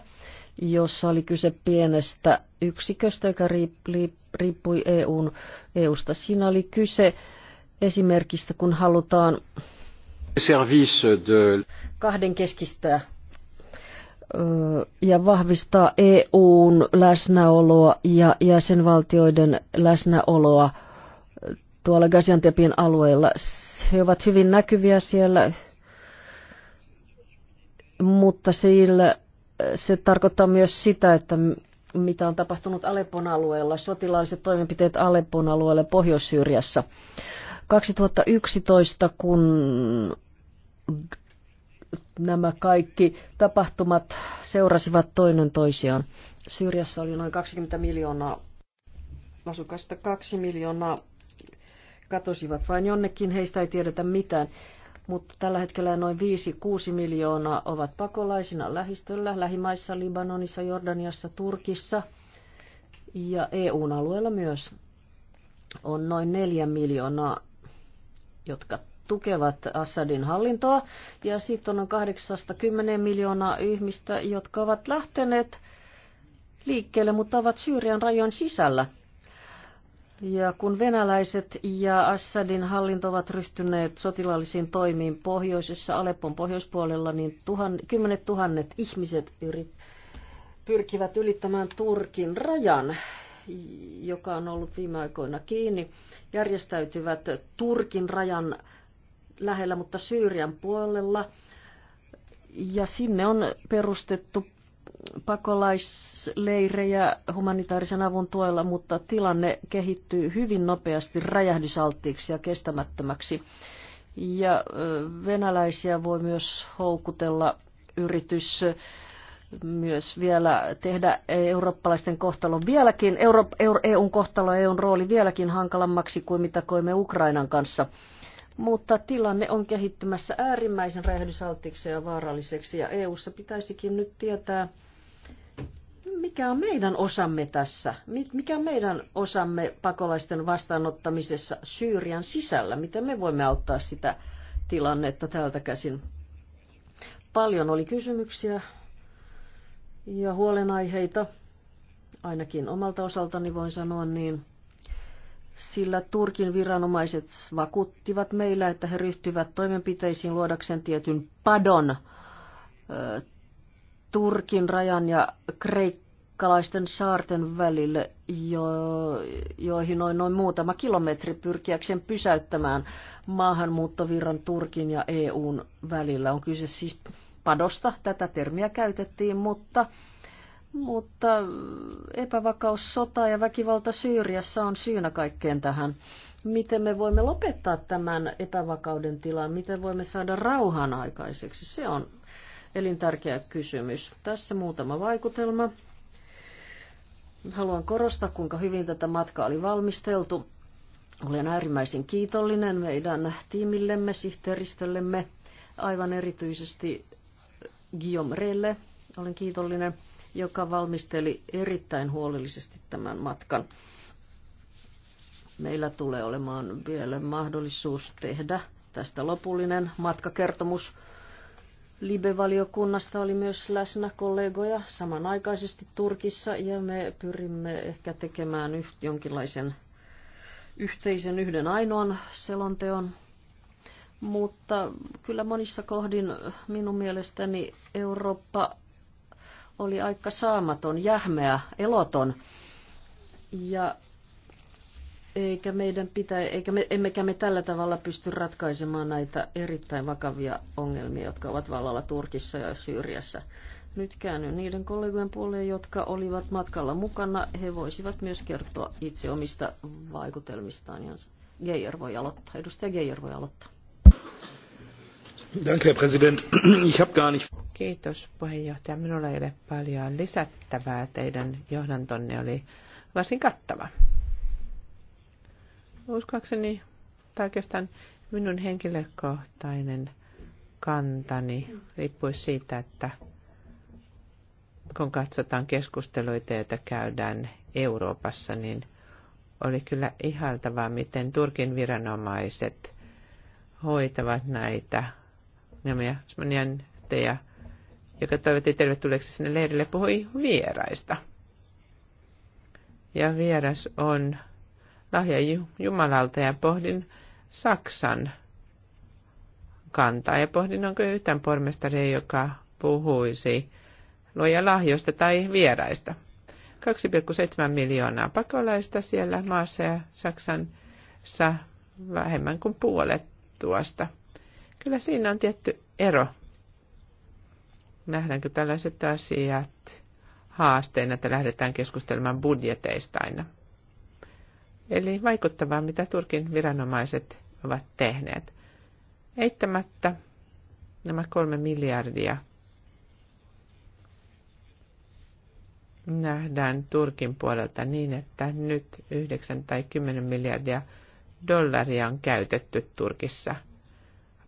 jossa oli kyse pienestä yksiköstä, joka riippui EUn, EUsta. Siinä oli kyse esimerkistä, kun halutaan kahden keskistä ja vahvistaa EUn läsnäoloa ja jäsenvaltioiden läsnäoloa tuolla Gaziantepin alueella. He ovat hyvin näkyviä siellä, mutta sillä se tarkoittaa myös sitä, että mitä on tapahtunut Alepon alueella, sotilaalliset toimenpiteet Alepon alueelle Pohjois-Syyriassa. 2011, kun nämä kaikki tapahtumat seurasivat toinen toisiaan. Syyriassa oli noin 20 miljoonaa asukasta, kaksi miljoonaa katosivat vain jonnekin, heistä ei tiedetä mitään. Mutta tällä hetkellä noin 5-6 miljoonaa ovat pakolaisina lähistöllä, lähimaissa, Libanonissa, Jordaniassa, Turkissa ja EUn alueella myös on noin 4 miljoonaa, jotka tukevat Assadin hallintoa. Ja sitten on 80 miljoonaa ihmistä, jotka ovat lähteneet liikkeelle, mutta ovat Syyrian rajojen sisällä. Ja kun venäläiset ja Assadin hallinto ovat ryhtyneet sotilaallisiin toimiin pohjoisessa Aleppon pohjoispuolella, niin tuhan, kymmenet tuhannet ihmiset yrit, pyrkivät ylittämään Turkin rajan, joka on ollut viime aikoina kiinni. Järjestäytyvät Turkin rajan lähellä, mutta Syyrian puolella. Ja sinne on perustettu pakolaisleirejä humanitaarisen avun tuella, mutta tilanne kehittyy hyvin nopeasti räjähdysalttiiksi ja kestämättömäksi. Ja venäläisiä voi myös houkutella yritys myös vielä tehdä eurooppalaisten kohtalon vieläkin, Euro, EUn e kohtalo ja EUn rooli vieläkin hankalammaksi kuin mitä koimme Ukrainan kanssa mutta tilanne on kehittymässä äärimmäisen räjähdysaltiksi ja vaaralliseksi ja EU:ssa pitäisikin nyt tietää, mikä on meidän osamme tässä? Mikä on meidän osamme pakolaisten vastaanottamisessa Syyrian sisällä? Miten me voimme auttaa sitä tilannetta täältä käsin? Paljon oli kysymyksiä ja huolenaiheita. Ainakin omalta osaltani voin sanoa niin sillä Turkin viranomaiset vakuuttivat meillä, että he ryhtyvät toimenpiteisiin luodakseen tietyn padon Turkin rajan ja kreikkalaisten saarten välille, jo, joihin noin noin muutama kilometri pyrkiäkseen pysäyttämään maahanmuuttovirran Turkin ja EUn välillä. On kyse siis padosta, tätä termiä käytettiin, mutta mutta epävakaus, sota ja väkivalta Syyriassa on syynä kaikkeen tähän. Miten me voimme lopettaa tämän epävakauden tilan? Miten voimme saada rauhan aikaiseksi? Se on elintärkeä kysymys. Tässä muutama vaikutelma. Haluan korostaa, kuinka hyvin tätä matkaa oli valmisteltu. Olen äärimmäisen kiitollinen meidän tiimillemme, sihteeristöllemme, aivan erityisesti Guillaume Reille. Olen kiitollinen joka valmisteli erittäin huolellisesti tämän matkan. Meillä tulee olemaan vielä mahdollisuus tehdä tästä lopullinen matkakertomus. Libe-valiokunnasta oli myös läsnä kollegoja samanaikaisesti Turkissa ja me pyrimme ehkä tekemään yh- jonkinlaisen yhteisen yhden ainoan selonteon. Mutta kyllä monissa kohdin minun mielestäni Eurooppa oli aika saamaton, jähmeä, eloton. Ja eikä meidän pitä, eikä me, emmekä me tällä tavalla pysty ratkaisemaan näitä erittäin vakavia ongelmia, jotka ovat vallalla Turkissa ja Syyriassa. Nyt käännyn niiden kollegojen puoleen, jotka olivat matkalla mukana. He voisivat myös kertoa itse omista vaikutelmistaan. Geijer voi aloittaa. Edustaja Geijer voi aloittaa. Kiitos puheenjohtaja. Minulla ei ole paljon lisättävää. Teidän johdantonne oli varsin kattava. Uskoakseni, tai oikeastaan minun henkilökohtainen kantani riippuisi siitä, että kun katsotaan keskusteluita, joita käydään Euroopassa, niin oli kyllä ihaltavaa, miten Turkin viranomaiset hoitavat näitä Nemia Smanian teja, joka toivotti tervetulleeksi sinne leirille, puhui vieraista. Ja vieras on lahja Jumalalta ja pohdin Saksan kantaa ja pohdin, onko yhtään pormestaria, joka puhuisi luoja lahjoista tai vieraista. 2,7 miljoonaa pakolaista siellä maassa ja Saksassa vähemmän kuin puolet tuosta Kyllä siinä on tietty ero. Nähdäänkö tällaiset asiat haasteena, että lähdetään keskustelemaan budjeteista aina. Eli vaikuttavaa, mitä Turkin viranomaiset ovat tehneet. Eittämättä nämä kolme miljardia nähdään Turkin puolelta niin, että nyt 9 tai 10 miljardia dollaria on käytetty Turkissa –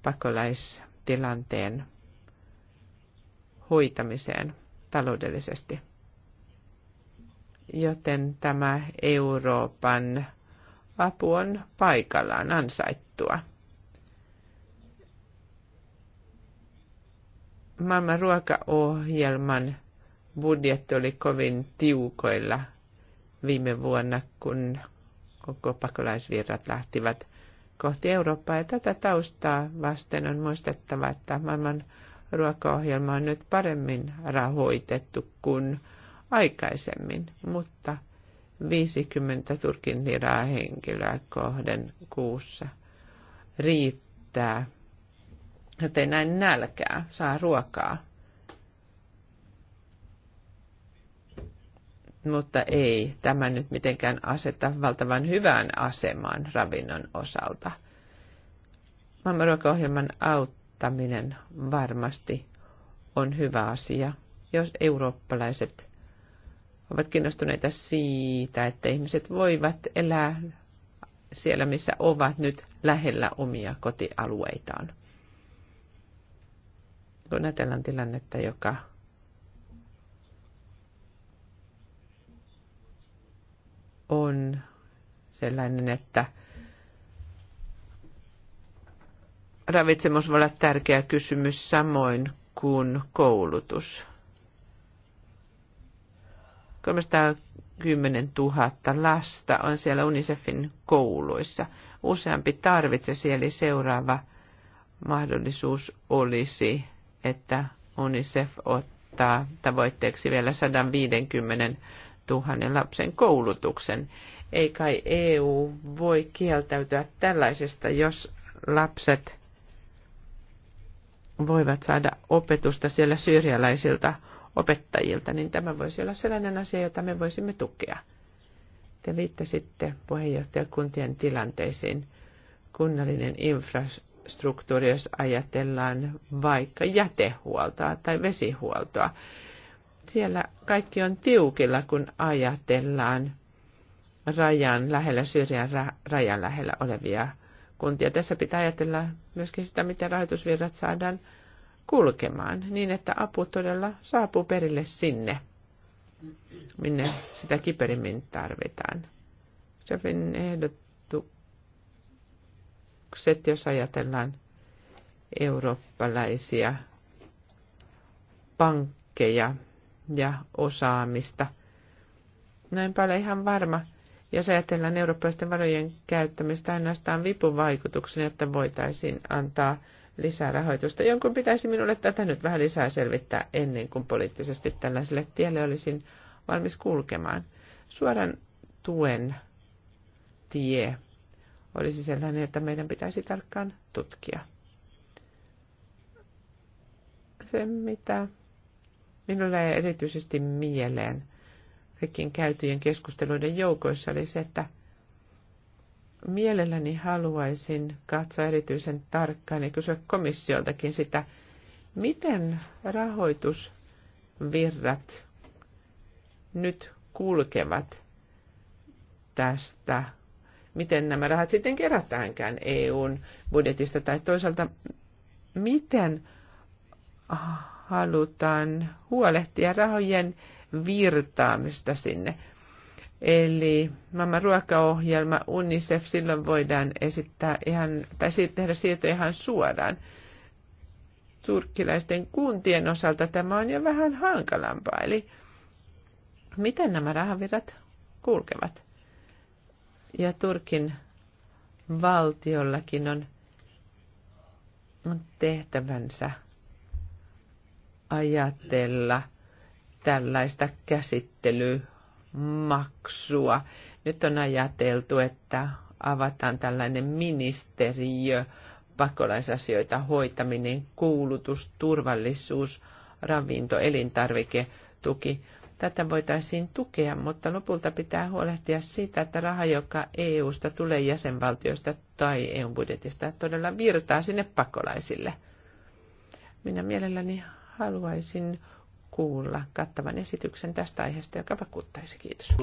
pakolaistilanteen hoitamiseen taloudellisesti. Joten tämä Euroopan apu on paikallaan ansaittua. Maailman ruokaohjelman budjetti oli kovin tiukoilla viime vuonna, kun koko pakolaisvirrat lähtivät kohti Eurooppaa. Ja tätä taustaa vasten on muistettava, että maailman ruokaohjelma on nyt paremmin rahoitettu kuin aikaisemmin, mutta 50 Turkin liraa henkilöä kohden kuussa riittää, joten näin nälkää, saa ruokaa mutta ei tämä nyt mitenkään aseta valtavan hyvään asemaan ravinnon osalta. Maailman auttaminen varmasti on hyvä asia, jos eurooppalaiset ovat kiinnostuneita siitä, että ihmiset voivat elää siellä, missä ovat nyt lähellä omia kotialueitaan. Kun ajatellaan tilannetta, joka on sellainen, että ravitsemus voi olla tärkeä kysymys samoin kuin koulutus. 310 000 lasta on siellä UNICEFin kouluissa. Useampi tarvitsisi, eli seuraava mahdollisuus olisi, että UNICEF ottaa tavoitteeksi vielä 150 hänen lapsen koulutuksen. Ei kai EU voi kieltäytyä tällaisesta, jos lapset voivat saada opetusta siellä syyrialaisilta opettajilta, niin tämä voisi olla sellainen asia, jota me voisimme tukea. Te viittasitte puheenjohtajakuntien tilanteisiin. Kunnallinen infrastruktuuri, jos ajatellaan vaikka jätehuoltoa tai vesihuoltoa, siellä kaikki on tiukilla, kun ajatellaan rajan lähellä, Syyrian ra- rajan lähellä olevia kuntia. Tässä pitää ajatella myöskin sitä, miten rahoitusvirrat saadaan kulkemaan niin, että apu todella saapuu perille sinne, minne sitä kiperimmin tarvitaan. Sefin ehdotukset, jos ajatellaan eurooppalaisia pankkeja, ja osaamista. Näin no, paljon ihan varma. Jos ajatellaan eurooppalaisten varojen käyttämistä ainoastaan vipuvaikutuksen, että voitaisiin antaa lisää rahoitusta. Jonkun pitäisi minulle tätä nyt vähän lisää selvittää ennen kuin poliittisesti tällaiselle tielle olisin valmis kulkemaan. Suoran tuen tie olisi sellainen, että meidän pitäisi tarkkaan tutkia. Se, mitä Minulle ei erityisesti mieleen kaikkien käytyjen keskusteluiden joukoissa oli se, että mielelläni haluaisin katsoa erityisen tarkkaan ja kysyä komissioltakin sitä, miten rahoitusvirrat nyt kulkevat tästä, miten nämä rahat sitten kerätäänkään EUn budjetista tai toisaalta miten halutaan huolehtia rahojen virtaamista sinne. Eli maailman ruokaohjelma, UNICEF, silloin voidaan esittää ihan, tai tehdä siirto ihan suoraan. Turkkilaisten kuntien osalta tämä on jo vähän hankalampaa. Eli miten nämä rahavirrat kulkevat? Ja Turkin valtiollakin on tehtävänsä ajatella tällaista käsittelymaksua. Nyt on ajateltu, että avataan tällainen ministeriö, pakolaisasioita hoitaminen, koulutus, turvallisuus, ravinto, elintarvike, tuki. Tätä voitaisiin tukea, mutta lopulta pitää huolehtia siitä, että raha, joka EU-sta tulee jäsenvaltioista tai EU-budjetista, todella virtaa sinne pakolaisille. Minä mielelläni haluaisin kuulla kattavan esityksen tästä aiheesta, joka vakuuttaisi. Kiitos.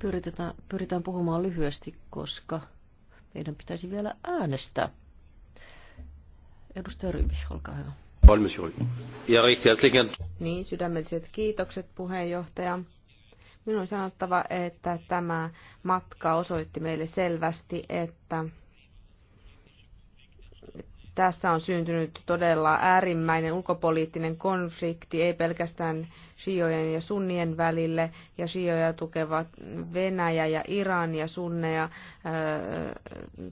Pyritään, pyritään puhumaan lyhyesti, koska meidän pitäisi vielä äänestää. Edustaja Ryvi, olkaa hyvä. Niin, sydämelliset kiitokset puheenjohtaja. Minun on sanottava, että tämä matka osoitti meille selvästi, että tässä on syntynyt todella äärimmäinen ulkopoliittinen konflikti, ei pelkästään shiojen ja sunnien välille, ja shioja tukevat Venäjä ja Iran, ja sunneja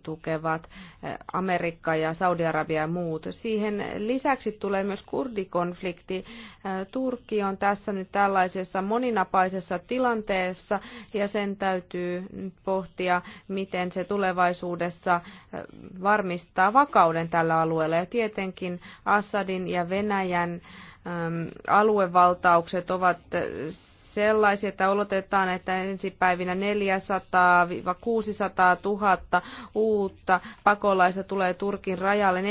tukevat Amerikka ja Saudi-Arabia ja muut. Siihen lisäksi tulee myös kurdikonflikti. Turkki on tässä nyt tällaisessa moninapaisessa tilanteessa, ja sen täytyy pohtia, miten se tulevaisuudessa varmistaa vakauden tällä tällä alueella. Ja tietenkin Assadin ja Venäjän äm, aluevaltaukset ovat sellaisia, että odotetaan, että ensi päivinä 400-600 000 uutta pakolaista tulee Turkin rajalle. 400-600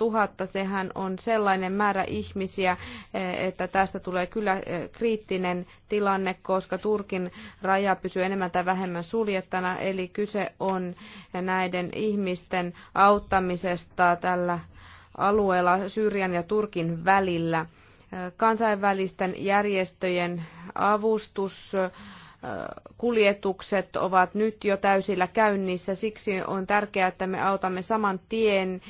000, sehän on sellainen määrä ihmisiä, eh, että tästä tulee kyllä eh, kriittinen tilanne, koska Turkin raja pysyy enemmän tai vähemmän suljettana, eli kyse on näiden ihmisten auttamisesta tällä alueella Syyrian ja Turkin välillä. Kansainvälisten järjestöjen avustuskuljetukset ovat nyt jo täysillä käynnissä. Siksi on tärkeää, että me autamme saman tien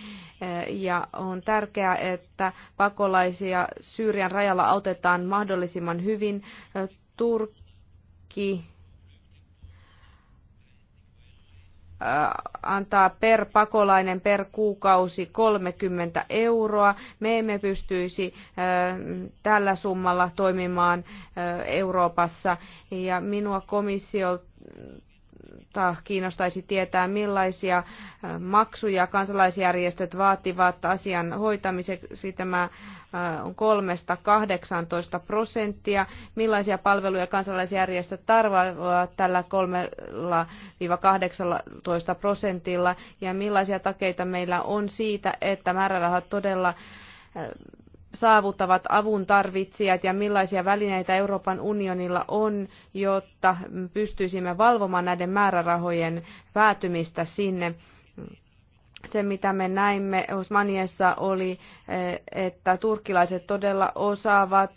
ja on tärkeää, että pakolaisia Syyrian rajalla autetaan mahdollisimman hyvin. Turkki Äh, antaa per pakolainen per kuukausi 30 euroa. Me emme pystyisi äh, tällä summalla toimimaan äh, Euroopassa. Ja minua komissio kiinnostaisi tietää, millaisia maksuja kansalaisjärjestöt vaativat asian hoitamiseksi. Tämä on kolmesta 18 prosenttia. Millaisia palveluja kansalaisjärjestöt tarvitsevat tällä 3-18 prosentilla ja millaisia takeita meillä on siitä, että määrärahat todella saavuttavat avun tarvitsijat ja millaisia välineitä Euroopan unionilla on, jotta pystyisimme valvomaan näiden määrärahojen päätymistä sinne se, mitä me näimme Osmaniessa, oli, eh, että turkkilaiset todella osaavat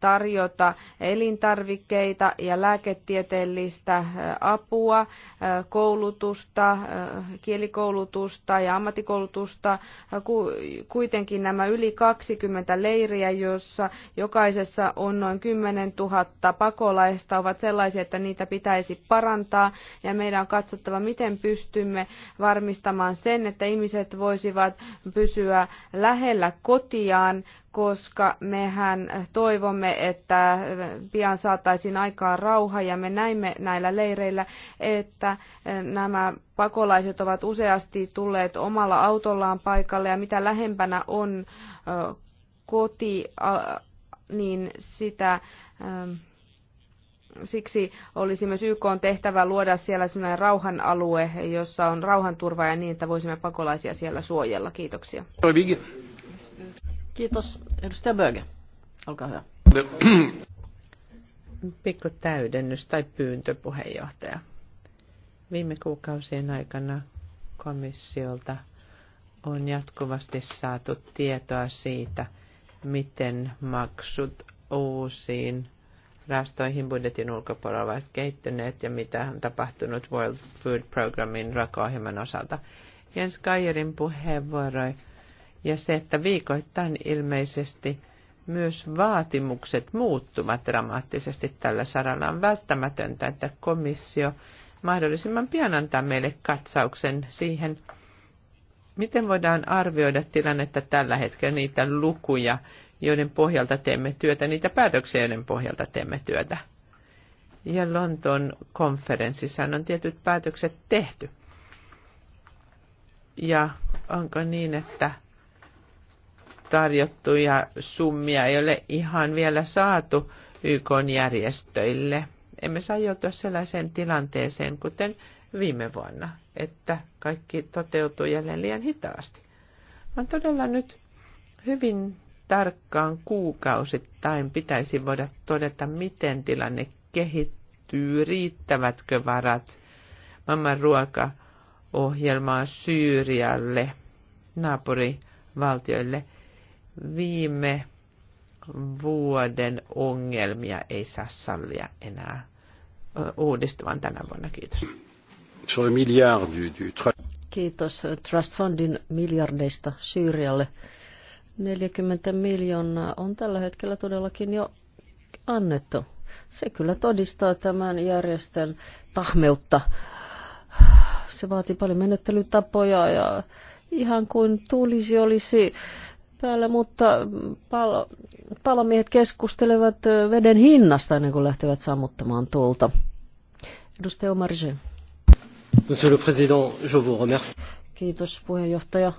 tarjota elintarvikkeita ja lääketieteellistä eh, apua, eh, koulutusta, kielikoulutusta ja ammattikoulutusta. Kuitenkin nämä yli 20 leiriä, joissa jokaisessa on noin 10 000 pakolaista, ovat sellaisia, että niitä pitäisi parantaa. Ja meidän on katsottava, miten pystymme varmistamaan sen, että ihmiset voisivat pysyä lähellä kotiaan, koska mehän toivomme, että pian saataisiin aikaa rauha ja me näimme näillä leireillä, että nämä pakolaiset ovat useasti tulleet omalla autollaan paikalle ja mitä lähempänä on koti, niin sitä siksi olisi myös YK on tehtävä luoda siellä sellainen rauhan alue, jossa on rauhanturva ja niin, että voisimme pakolaisia siellä suojella. Kiitoksia. Kiitos. Edustaja Böge, olkaa hyvä. Pikku täydennys tai pyyntö, puheenjohtaja. Viime kuukausien aikana komissiolta on jatkuvasti saatu tietoa siitä, miten maksut uusiin rahastoihin budjetin ulkopuolella ovat kehittyneet ja mitä on tapahtunut World Food Programmin ruokaohjelman osalta. Jens Kajerin puheenvuoro ja se, että viikoittain ilmeisesti myös vaatimukset muuttuvat dramaattisesti tällä saralla. On välttämätöntä, että komissio mahdollisimman pian antaa meille katsauksen siihen, miten voidaan arvioida tilannetta tällä hetkellä, niitä lukuja, joiden pohjalta teemme työtä, niitä päätöksiä, joiden pohjalta teemme työtä. Ja Lontoon konferenssissa on tietyt päätökset tehty. Ja onko niin, että tarjottuja summia ei ole ihan vielä saatu YK järjestöille? Emme saa joutua sellaiseen tilanteeseen, kuten viime vuonna, että kaikki toteutuu jälleen liian hitaasti. On todella nyt hyvin tarkkaan kuukausittain pitäisi voida todeta, miten tilanne kehittyy, riittävätkö varat maailman ruokaohjelmaa Syyrialle, naapurivaltioille. Viime vuoden ongelmia ei saa sallia enää uudistuvan tänä vuonna. Kiitos. Kiitos Trust Fundin miljardeista Syyrialle. 40 miljoonaa on tällä hetkellä todellakin jo annettu. Se kyllä todistaa tämän järjestön tahmeutta. Se vaatii paljon menettelytapoja ja ihan kuin tulisi olisi päällä, mutta palo, palomiehet keskustelevat veden hinnasta ennen kuin lähtevät sammuttamaan tuolta. Edustaja Omarje. Monsieur le Président, je vous remercie. Kiitos puheenjohtaja.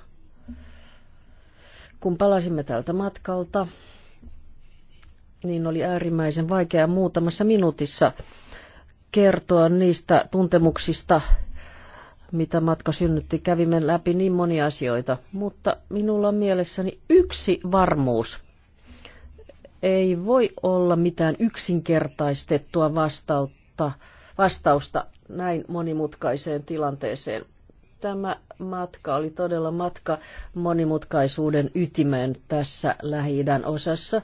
Kun palasimme tältä matkalta, niin oli äärimmäisen vaikea muutamassa minuutissa kertoa niistä tuntemuksista, mitä matka synnytti. Kävimme läpi niin monia asioita, mutta minulla on mielessäni yksi varmuus. Ei voi olla mitään yksinkertaistettua vastautta, vastausta näin monimutkaiseen tilanteeseen. Tämä matka oli todella matka monimutkaisuuden ytimeen tässä lähi osassa.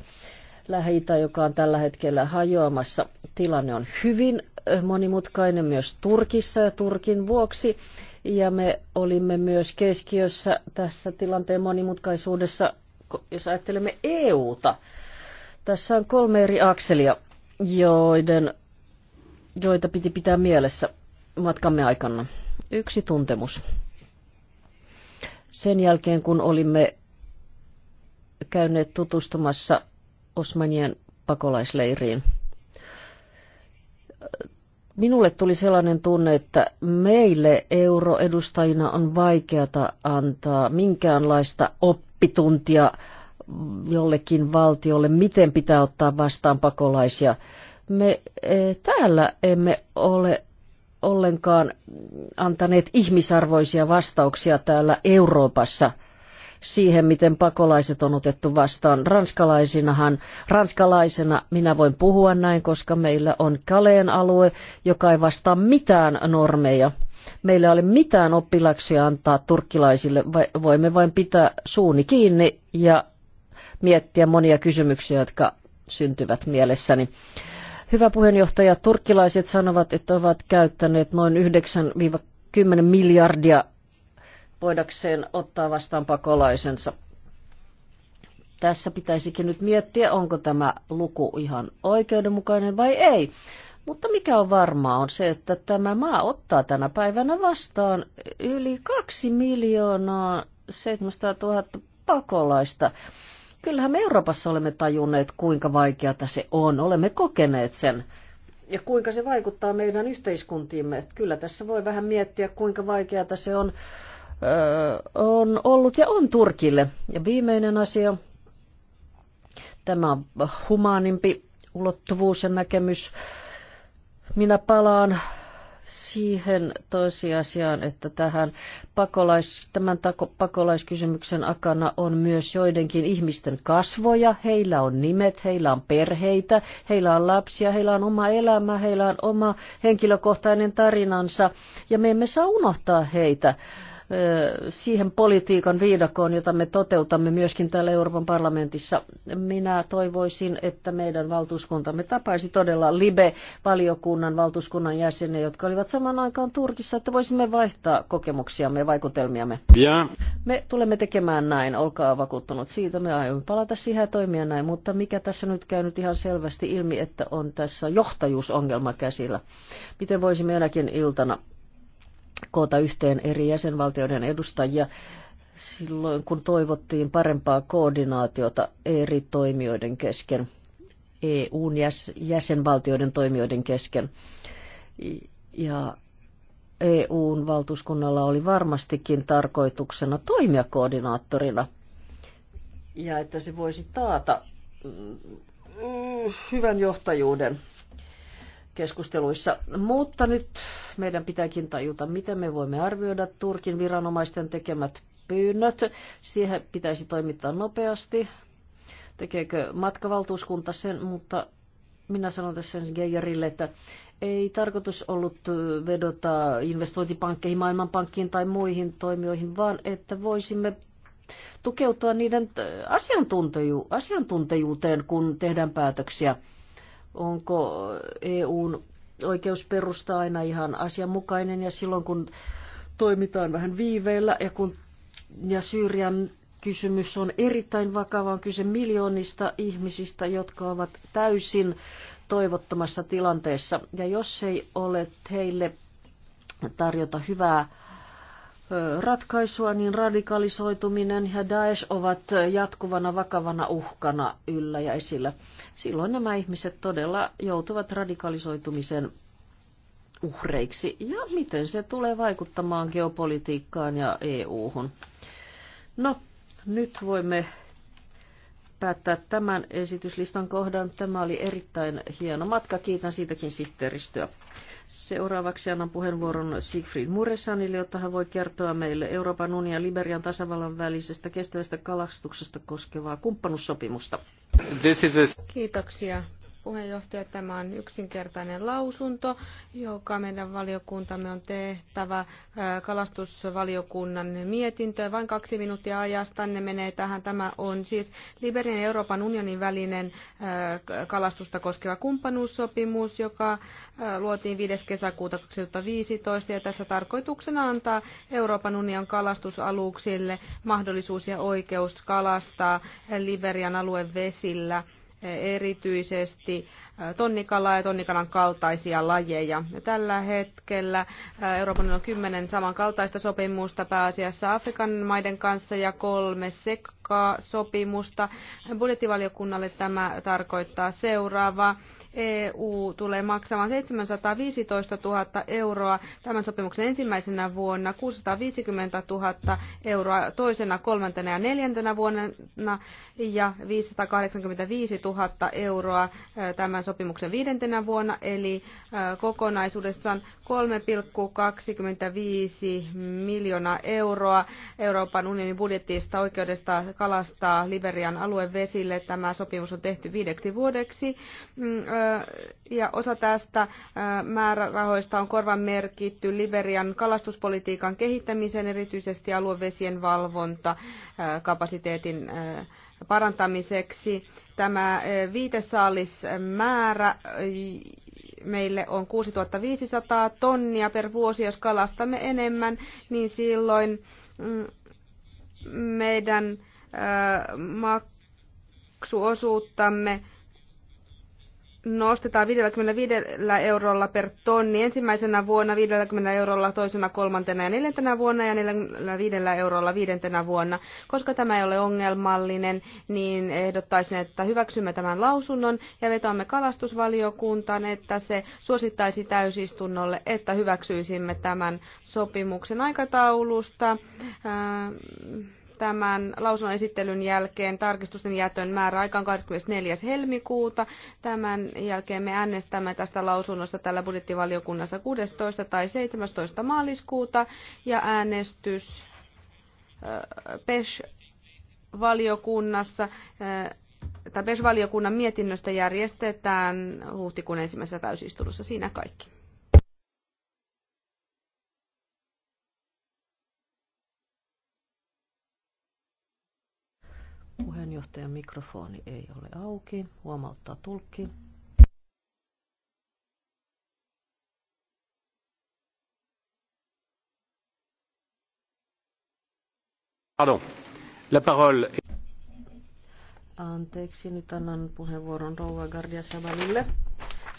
lähi joka on tällä hetkellä hajoamassa, tilanne on hyvin monimutkainen myös Turkissa ja Turkin vuoksi. Ja me olimme myös keskiössä tässä tilanteen monimutkaisuudessa, jos ajattelemme EUta. Tässä on kolme eri akselia, joiden, joita piti pitää mielessä matkamme aikana yksi tuntemus. Sen jälkeen, kun olimme käyneet tutustumassa Osmanien pakolaisleiriin, minulle tuli sellainen tunne, että meille euroedustajina on vaikeata antaa minkäänlaista oppituntia jollekin valtiolle, miten pitää ottaa vastaan pakolaisia. Me e, täällä emme ole ollenkaan antaneet ihmisarvoisia vastauksia täällä Euroopassa siihen, miten pakolaiset on otettu vastaan. Ranskalaisinahan, ranskalaisena minä voin puhua näin, koska meillä on Kaleen alue, joka ei vastaa mitään normeja. Meillä ei ole mitään oppilaksia antaa turkkilaisille, voimme vain pitää suuni kiinni ja miettiä monia kysymyksiä, jotka syntyvät mielessäni. Hyvä puheenjohtaja, turkkilaiset sanovat, että ovat käyttäneet noin 9-10 miljardia voidakseen ottaa vastaan pakolaisensa. Tässä pitäisikin nyt miettiä, onko tämä luku ihan oikeudenmukainen vai ei. Mutta mikä on varmaa on se, että tämä maa ottaa tänä päivänä vastaan yli 2 miljoonaa 700 000 pakolaista. Kyllähän me Euroopassa olemme tajunneet, kuinka vaikeata se on. Olemme kokeneet sen. Ja kuinka se vaikuttaa meidän yhteiskuntiimme. Kyllä tässä voi vähän miettiä, kuinka vaikeata se on, öö, on ollut ja on Turkille. Ja viimeinen asia, tämä humaanimpi ulottuvuus ja näkemys. Minä palaan siihen tosiasiaan, että tähän pakolais, tämän tako, pakolaiskysymyksen akana on myös joidenkin ihmisten kasvoja. Heillä on nimet, heillä on perheitä, heillä on lapsia, heillä on oma elämä, heillä on oma henkilökohtainen tarinansa ja me emme saa unohtaa heitä siihen politiikan viidakoon, jota me toteutamme myöskin täällä Euroopan parlamentissa. Minä toivoisin, että meidän valtuuskuntamme tapaisi todella Libe-valiokunnan valtuuskunnan jäseniä, jotka olivat saman aikaan Turkissa, että voisimme vaihtaa kokemuksiamme ja vaikutelmiamme. Ja. Me tulemme tekemään näin, olkaa vakuuttunut siitä. Me aiomme palata siihen ja toimia näin, mutta mikä tässä nyt käynyt ihan selvästi ilmi, että on tässä johtajuusongelma käsillä. Miten voisimme jonakin iltana koota yhteen eri jäsenvaltioiden edustajia silloin, kun toivottiin parempaa koordinaatiota eri toimijoiden kesken, EUn jäsenvaltioiden toimijoiden kesken. Ja EUn valtuuskunnalla oli varmastikin tarkoituksena toimia koordinaattorina ja että se voisi taata mm, mm, hyvän johtajuuden keskusteluissa. Mutta nyt meidän pitääkin tajuta, miten me voimme arvioida Turkin viranomaisten tekemät pyynnöt. Siihen pitäisi toimittaa nopeasti. Tekeekö matkavaltuuskunta sen, mutta minä sanon tässä Geijerille, että ei tarkoitus ollut vedota investointipankkeihin, maailmanpankkiin tai muihin toimijoihin, vaan että voisimme tukeutua niiden asiantuntiju- asiantuntijuuteen, kun tehdään päätöksiä onko EUn oikeusperusta aina ihan asianmukainen ja silloin kun toimitaan vähän viiveellä ja, kun, ja Syyrian kysymys on erittäin vakava, on kyse miljoonista ihmisistä, jotka ovat täysin toivottomassa tilanteessa ja jos ei ole heille tarjota hyvää ratkaisua, niin radikalisoituminen ja Daesh ovat jatkuvana vakavana uhkana yllä ja esillä. Silloin nämä ihmiset todella joutuvat radikalisoitumisen uhreiksi. Ja miten se tulee vaikuttamaan geopolitiikkaan ja EU-hun? No, nyt voimme päättää tämän esityslistan kohdan. Tämä oli erittäin hieno matka. Kiitän siitäkin sihteeristöä. Seuraavaksi annan puheenvuoron Siegfried Muresanille, jotta hän voi kertoa meille Euroopan unionin ja Liberian tasavallan välisestä kestävästä kalastuksesta koskevaa kumppanussopimusta. Kiitoksia puheenjohtaja. Tämä on yksinkertainen lausunto, joka meidän valiokuntamme on tehtävä. Kalastusvaliokunnan mietintö. Vain kaksi minuuttia ajasta ne menee tähän. Tämä on siis Liberian ja Euroopan unionin välinen kalastusta koskeva kumppanuussopimus, joka luotiin 5. kesäkuuta 2015. Ja tässä tarkoituksena antaa Euroopan union kalastusaluksille mahdollisuus ja oikeus kalastaa Liberian aluevesillä – erityisesti tonnikalaa ja tonnikalan kaltaisia lajeja. Tällä hetkellä Euroopan on kymmenen samankaltaista sopimusta pääasiassa Afrikan maiden kanssa ja kolme sekkaa sopimusta. Budjettivaliokunnalle tämä tarkoittaa seuraavaa EU tulee maksamaan 715 000 euroa tämän sopimuksen ensimmäisenä vuonna, 650 000 euroa toisena, kolmantena ja neljäntenä vuonna ja 585 000 euroa tämän sopimuksen viidentenä vuonna, eli kokonaisuudessaan 3,25 miljoonaa euroa Euroopan unionin budjettista oikeudesta kalastaa Liberian aluevesille. Tämä sopimus on tehty viideksi vuodeksi. Mm, ja osa tästä määrärahoista on korvan merkitty Liberian kalastuspolitiikan kehittämiseen, erityisesti aluevesien valvonta kapasiteetin parantamiseksi. Tämä viitesaalismäärä meille on 6500 tonnia per vuosi. Jos kalastamme enemmän, niin silloin mm, meidän maksuosuuttamme nostetaan 55 eurolla per tonni ensimmäisenä vuonna, 50 eurolla toisena, kolmantena ja neljäntenä vuonna ja 45 eurolla viidentenä vuonna. Koska tämä ei ole ongelmallinen, niin ehdottaisin, että hyväksymme tämän lausunnon ja vetoamme kalastusvaliokuntaan, että se suosittaisi täysistunnolle, että hyväksyisimme tämän sopimuksen aikataulusta tämän lausunnon esittelyn jälkeen tarkistusten jätön määräaika on 24. helmikuuta. Tämän jälkeen me äänestämme tästä lausunnosta tällä budjettivaliokunnassa 16. tai 17. maaliskuuta ja äänestys äh, PESH-valiokunnassa äh, tai PESH-valiokunnan mietinnöstä järjestetään huhtikuun ensimmäisessä täysistunnossa. Siinä kaikki. Puheenjohtajan mikrofoni ei ole auki, huomauttaa tulkki. Pardon. La parole. Anteeksi, nyt annan puheenvuoron Rouva Gardia Savalille.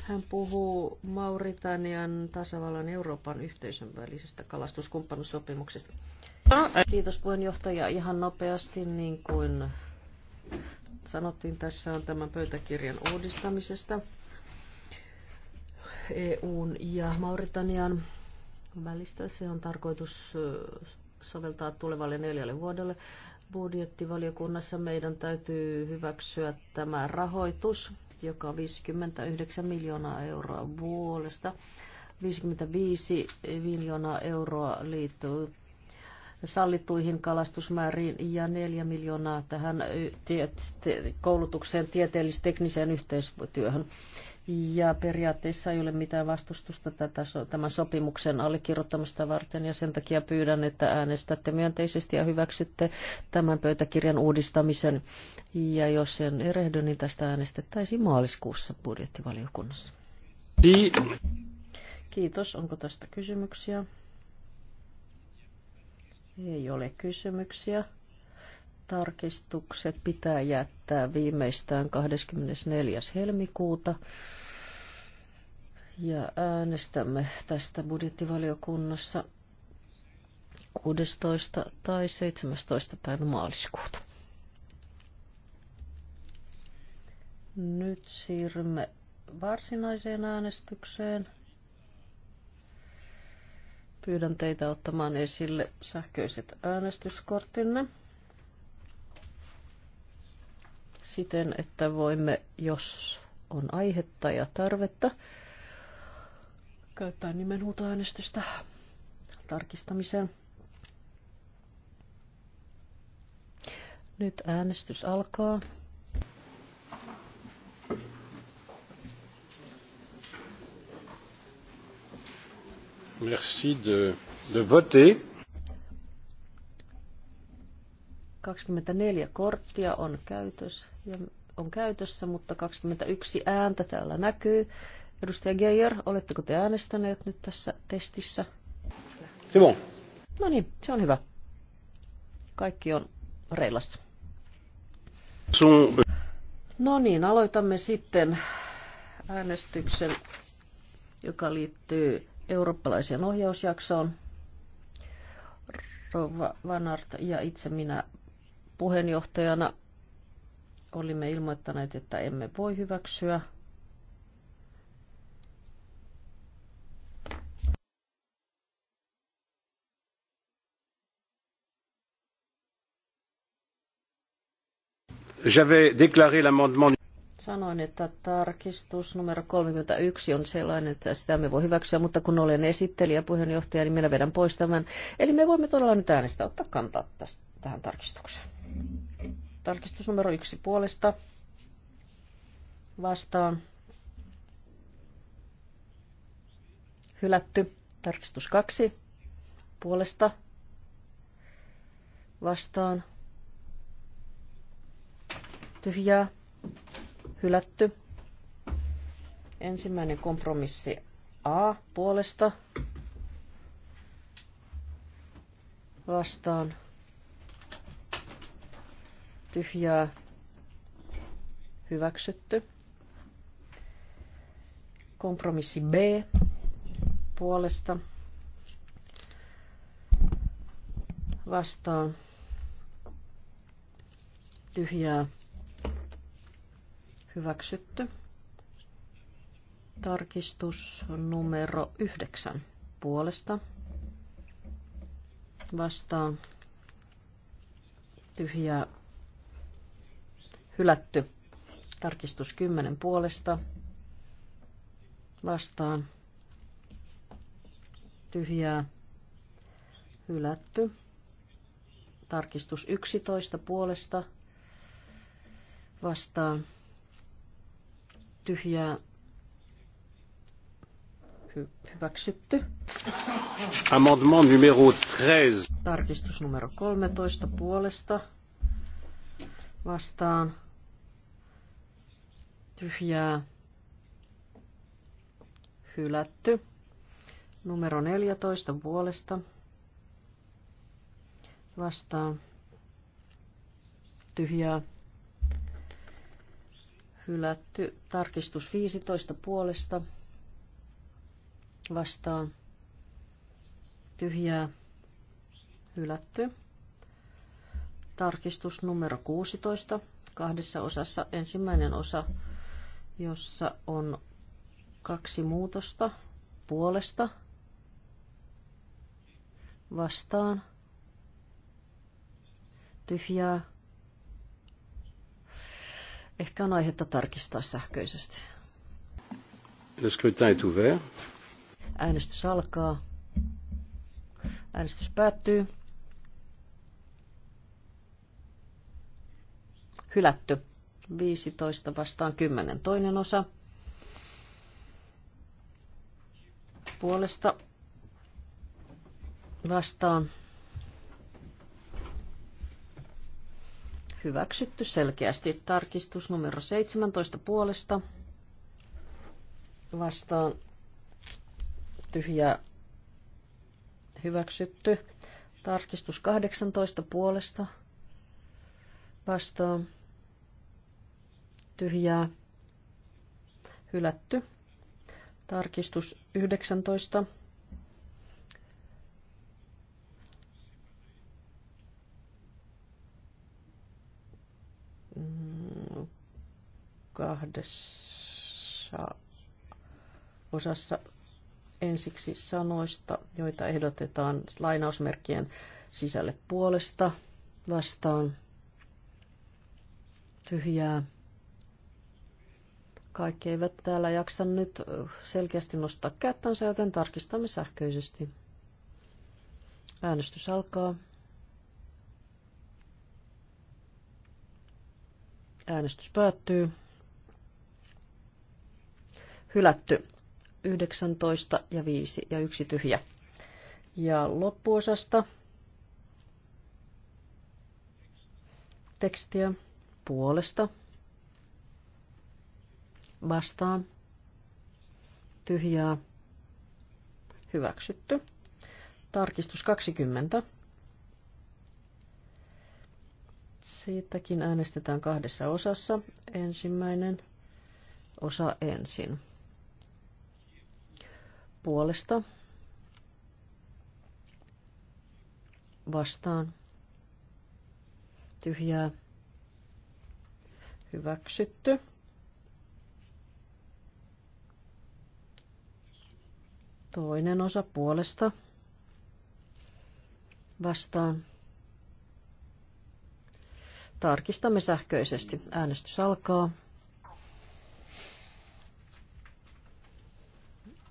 Hän puhuu Mauritanian tasavallan Euroopan yhteisön välisestä kalastuskumppanuussopimuksesta. Äh. Kiitos puheenjohtaja. Ihan nopeasti, niin kuin sanottiin, tässä on tämän pöytäkirjan uudistamisesta EUn ja Mauritanian välistä. Se on tarkoitus soveltaa tulevalle neljälle vuodelle. Budjettivaliokunnassa meidän täytyy hyväksyä tämä rahoitus, joka on 59 miljoonaa euroa vuodesta. 55 miljoonaa euroa liittyy sallittuihin kalastusmääriin ja 4 miljoonaa tähän koulutukseen tieteellis-tekniseen yhteistyöhön. Ja periaatteessa ei ole mitään vastustusta tätä, tämän sopimuksen allekirjoittamista varten ja sen takia pyydän, että äänestätte myönteisesti ja hyväksytte tämän pöytäkirjan uudistamisen. Ja jos sen erehdy, niin tästä äänestettäisiin maaliskuussa budjettivaliokunnassa. Kiitos. Onko tästä kysymyksiä? Ei ole kysymyksiä. Tarkistukset pitää jättää viimeistään 24. helmikuuta. Ja äänestämme tästä budjettivaliokunnassa 16. tai 17. päivä maaliskuuta. Nyt siirrymme varsinaiseen äänestykseen. Pyydän teitä ottamaan esille sähköiset äänestyskorttinne siten, että voimme, jos on aihetta ja tarvetta, käyttää nimenhuutoäänestystä tarkistamiseen. Nyt äänestys alkaa. Merci de, voter. 24 korttia on, käytös, on käytössä, mutta 21 ääntä täällä näkyy. Edustaja Geijer, oletteko te äänestäneet nyt tässä testissä? Simon. No niin, se on hyvä. Kaikki on reilassa. No niin, aloitamme sitten äänestyksen, joka liittyy Eurooppalaisen ohjausjaksoon. Rova Vanart ja itse minä puheenjohtajana olimme ilmoittaneet, että emme voi hyväksyä J'avais déclaré l'amendement Sanoin, että tarkistus numero 31 on sellainen, että sitä me voi hyväksyä, mutta kun olen esittelijä puheenjohtaja, niin minä vedän pois tämän. Eli me voimme todella nyt äänestä ottaa kantaa tästä, tähän tarkistukseen. Tarkistus numero yksi puolesta vastaan. Hylätty. Tarkistus kaksi puolesta vastaan. Tyhjää hylätty. Ensimmäinen kompromissi A puolesta vastaan tyhjää hyväksytty. Kompromissi B puolesta vastaan tyhjää Hyväksytty. Tarkistus numero yhdeksän puolesta. Vastaan. Tyhjää. Hylätty. Tarkistus kymmenen puolesta. Vastaan. Tyhjää. Hylätty. Tarkistus 11 puolesta. Vastaan tyhjää hy- hyväksytty. Amendement numero 13. Tarkistus numero 13 puolesta vastaan tyhjää hylätty. Numero 14 puolesta vastaan tyhjää hylätty. Tarkistus 15 puolesta vastaan tyhjää hylätty. Tarkistus numero 16 kahdessa osassa. Ensimmäinen osa, jossa on kaksi muutosta puolesta vastaan tyhjää Ehkä on aihetta tarkistaa sähköisesti. Le scrutin est ouvert. Äänestys alkaa. Äänestys päättyy. Hylätty. 15 vastaan 10. Toinen osa. Puolesta vastaan Hyväksytty selkeästi. Tarkistus numero 17 puolesta. Vastaan tyhjää hyväksytty. Tarkistus 18 puolesta vastaan tyhjää hylätty. Tarkistus 19 kahdessa osassa ensiksi sanoista, joita ehdotetaan lainausmerkkien sisälle puolesta vastaan tyhjää. Kaikki eivät täällä jaksa nyt selkeästi nostaa kättänsä, joten tarkistamme sähköisesti. Äänestys alkaa. Äänestys päättyy hylätty. 19 ja 5 ja yksi tyhjä. Ja loppuosasta tekstiä puolesta vastaan tyhjää hyväksytty. Tarkistus 20. Siitäkin äänestetään kahdessa osassa. Ensimmäinen osa ensin puolesta vastaan tyhjää hyväksytty. Toinen osa puolesta vastaan. Tarkistamme sähköisesti. Äänestys alkaa.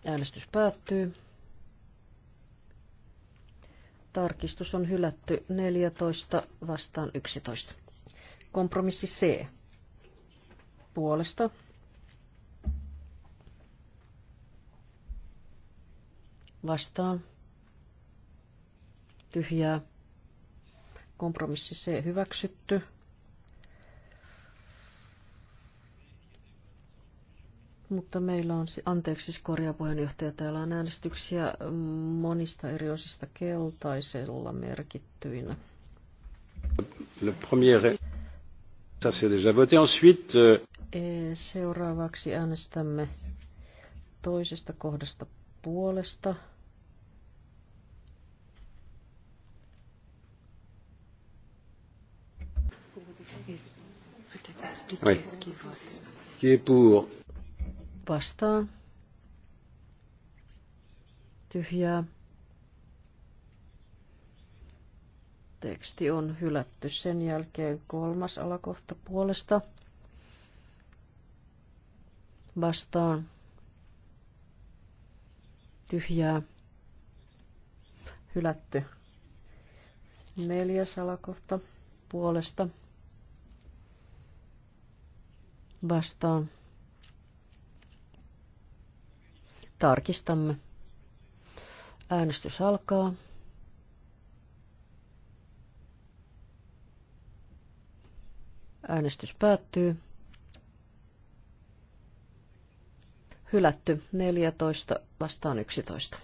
Äänestys päättyy. Tarkistus on hylätty 14 vastaan 11. Kompromissi C. Puolesta. Vastaan. Tyhjää. Kompromissi C hyväksytty. Mutta meillä on, anteeksi siis korjapuheenjohtaja, täällä on äänestyksiä monista eri osista keltaisella merkittyinä. Le premier, ça déjà voté. Ensuite, euh, e, Seuraavaksi äänestämme toisesta kohdasta puolesta. Oui. Qui est pour vastaan. Tyhjää. Teksti on hylätty. Sen jälkeen kolmas alakohta puolesta vastaan. Tyhjää. Hylätty. Neljäs alakohta puolesta vastaan Tarkistamme. Äänestys alkaa. Äänestys päättyy. Hylätty 14 vastaan 11.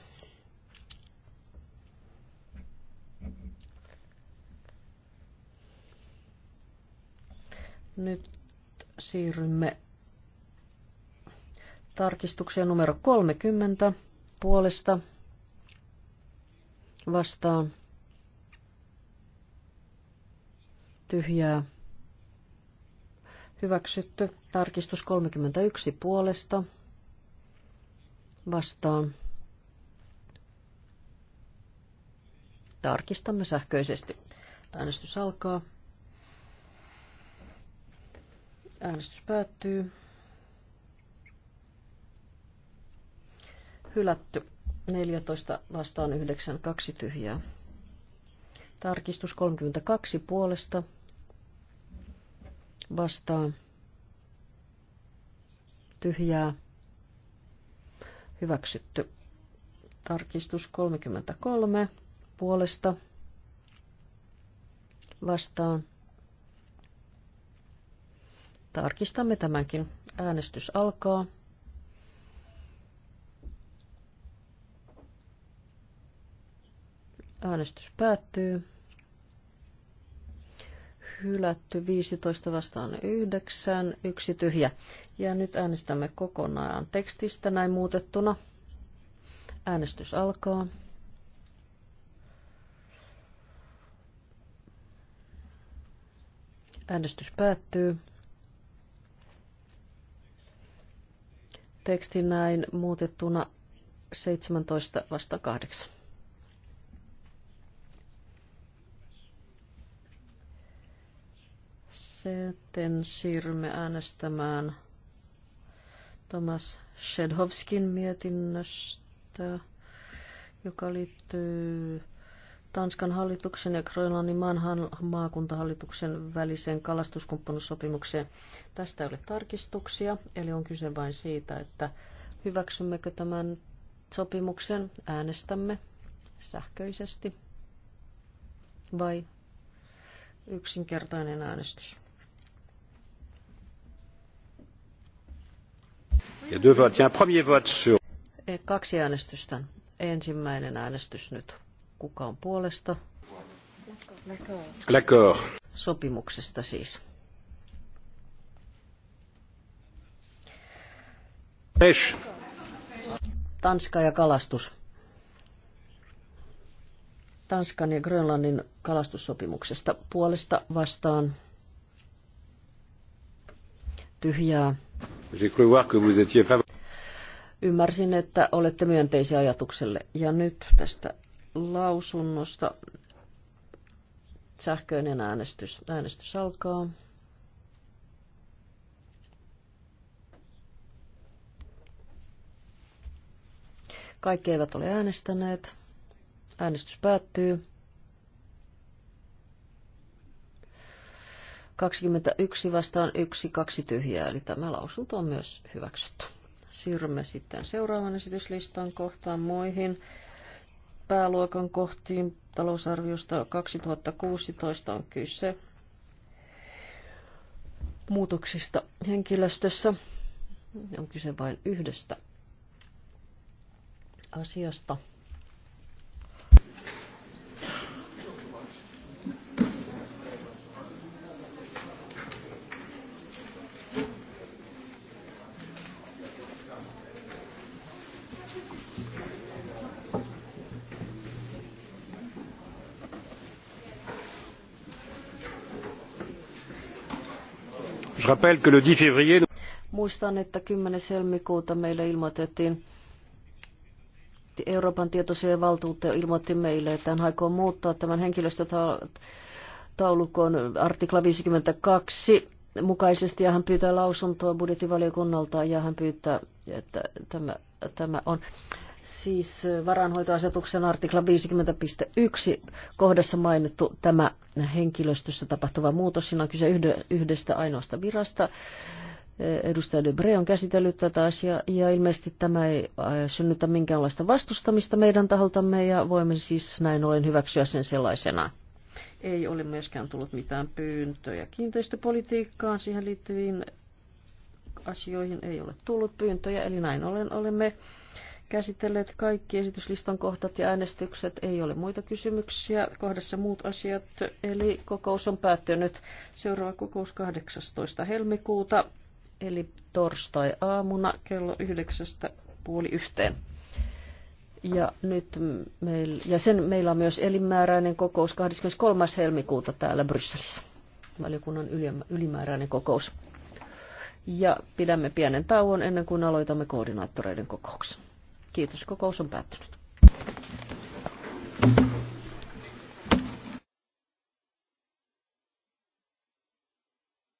Nyt siirrymme Tarkistuksia numero 30 puolesta vastaan tyhjää hyväksytty. Tarkistus 31 puolesta vastaan. Tarkistamme sähköisesti. Äänestys alkaa. Äänestys päättyy. Hylätty. 14 vastaan 9, 2 tyhjää. Tarkistus 32 puolesta vastaan tyhjää. Hyväksytty. Tarkistus 33 puolesta vastaan. Tarkistamme tämänkin. Äänestys alkaa. Äänestys päättyy. Hylätty 15 vastaan 9, yksi tyhjä. Ja nyt äänestämme kokonaan tekstistä näin muutettuna. Äänestys alkaa. Äänestys päättyy. Teksti näin muutettuna 17 vasta 8. Sitten siirrymme äänestämään Thomas Shedhovskin mietinnöstä, joka liittyy Tanskan hallituksen ja Grönlannin maan maakuntahallituksen väliseen kalastuskumppanuussopimukseen. Tästä ei ole tarkistuksia, eli on kyse vain siitä, että hyväksymmekö tämän sopimuksen, äänestämme sähköisesti vai yksinkertainen äänestys. Eh, kaksi äänestystä. Ensimmäinen äänestys nyt. Kuka on puolesta? L'accord. Sopimuksesta siis. Pes. Tanska ja kalastus. Tanskan ja Grönlannin kalastussopimuksesta puolesta vastaan tyhjää Ymmärsin, että olette myönteisiä ajatukselle. Ja nyt tästä lausunnosta sähköinen äänestys. Äänestys alkaa. Kaikki eivät ole äänestäneet. Äänestys päättyy. 21 vastaan 1, 2 tyhjää, eli tämä lausunto on myös hyväksytty. Siirrymme sitten seuraavan esityslistan kohtaan muihin pääluokan kohtiin. Talousarviosta 2016 on kyse muutoksista henkilöstössä. On kyse vain yhdestä asiasta. Muistan, että 10. helmikuuta meille ilmoitettiin, Euroopan tietosuojan valtuutta ilmoitti meille, että hän aikoo muuttaa tämän henkilöstötaulukon artikla 52 mukaisesti ja hän pyytää lausuntoa budjettivaliokunnalta ja hän pyytää, että tämä, tämä on siis varanhoitoasetuksen artikla 50.1 kohdassa mainittu tämä henkilöstössä tapahtuva muutos. Siinä on kyse yhdestä ainoasta virasta. Edustaja Debre on käsitellyt tätä asiaa ja ilmeisesti tämä ei synnytä minkäänlaista vastustamista meidän taholtamme ja voimme siis näin ollen hyväksyä sen sellaisena Ei ole myöskään tullut mitään pyyntöjä kiinteistöpolitiikkaan siihen liittyviin asioihin ei ole tullut pyyntöjä, eli näin ollen olemme käsitelleet kaikki esityslistan kohtat ja äänestykset. Ei ole muita kysymyksiä. Kohdassa muut asiat. Eli kokous on päättynyt. Seuraava kokous 18. helmikuuta, eli torstai-aamuna kello 9.30. puoli yhteen. Ja, nyt meil, ja sen meillä on myös elinmääräinen kokous 23. helmikuuta täällä Brysselissä. Valiokunnan ylimääräinen kokous ja pidämme pienen tauon ennen kuin aloitamme koordinaattoreiden kokouksen. Kiitos, kokous on päättynyt.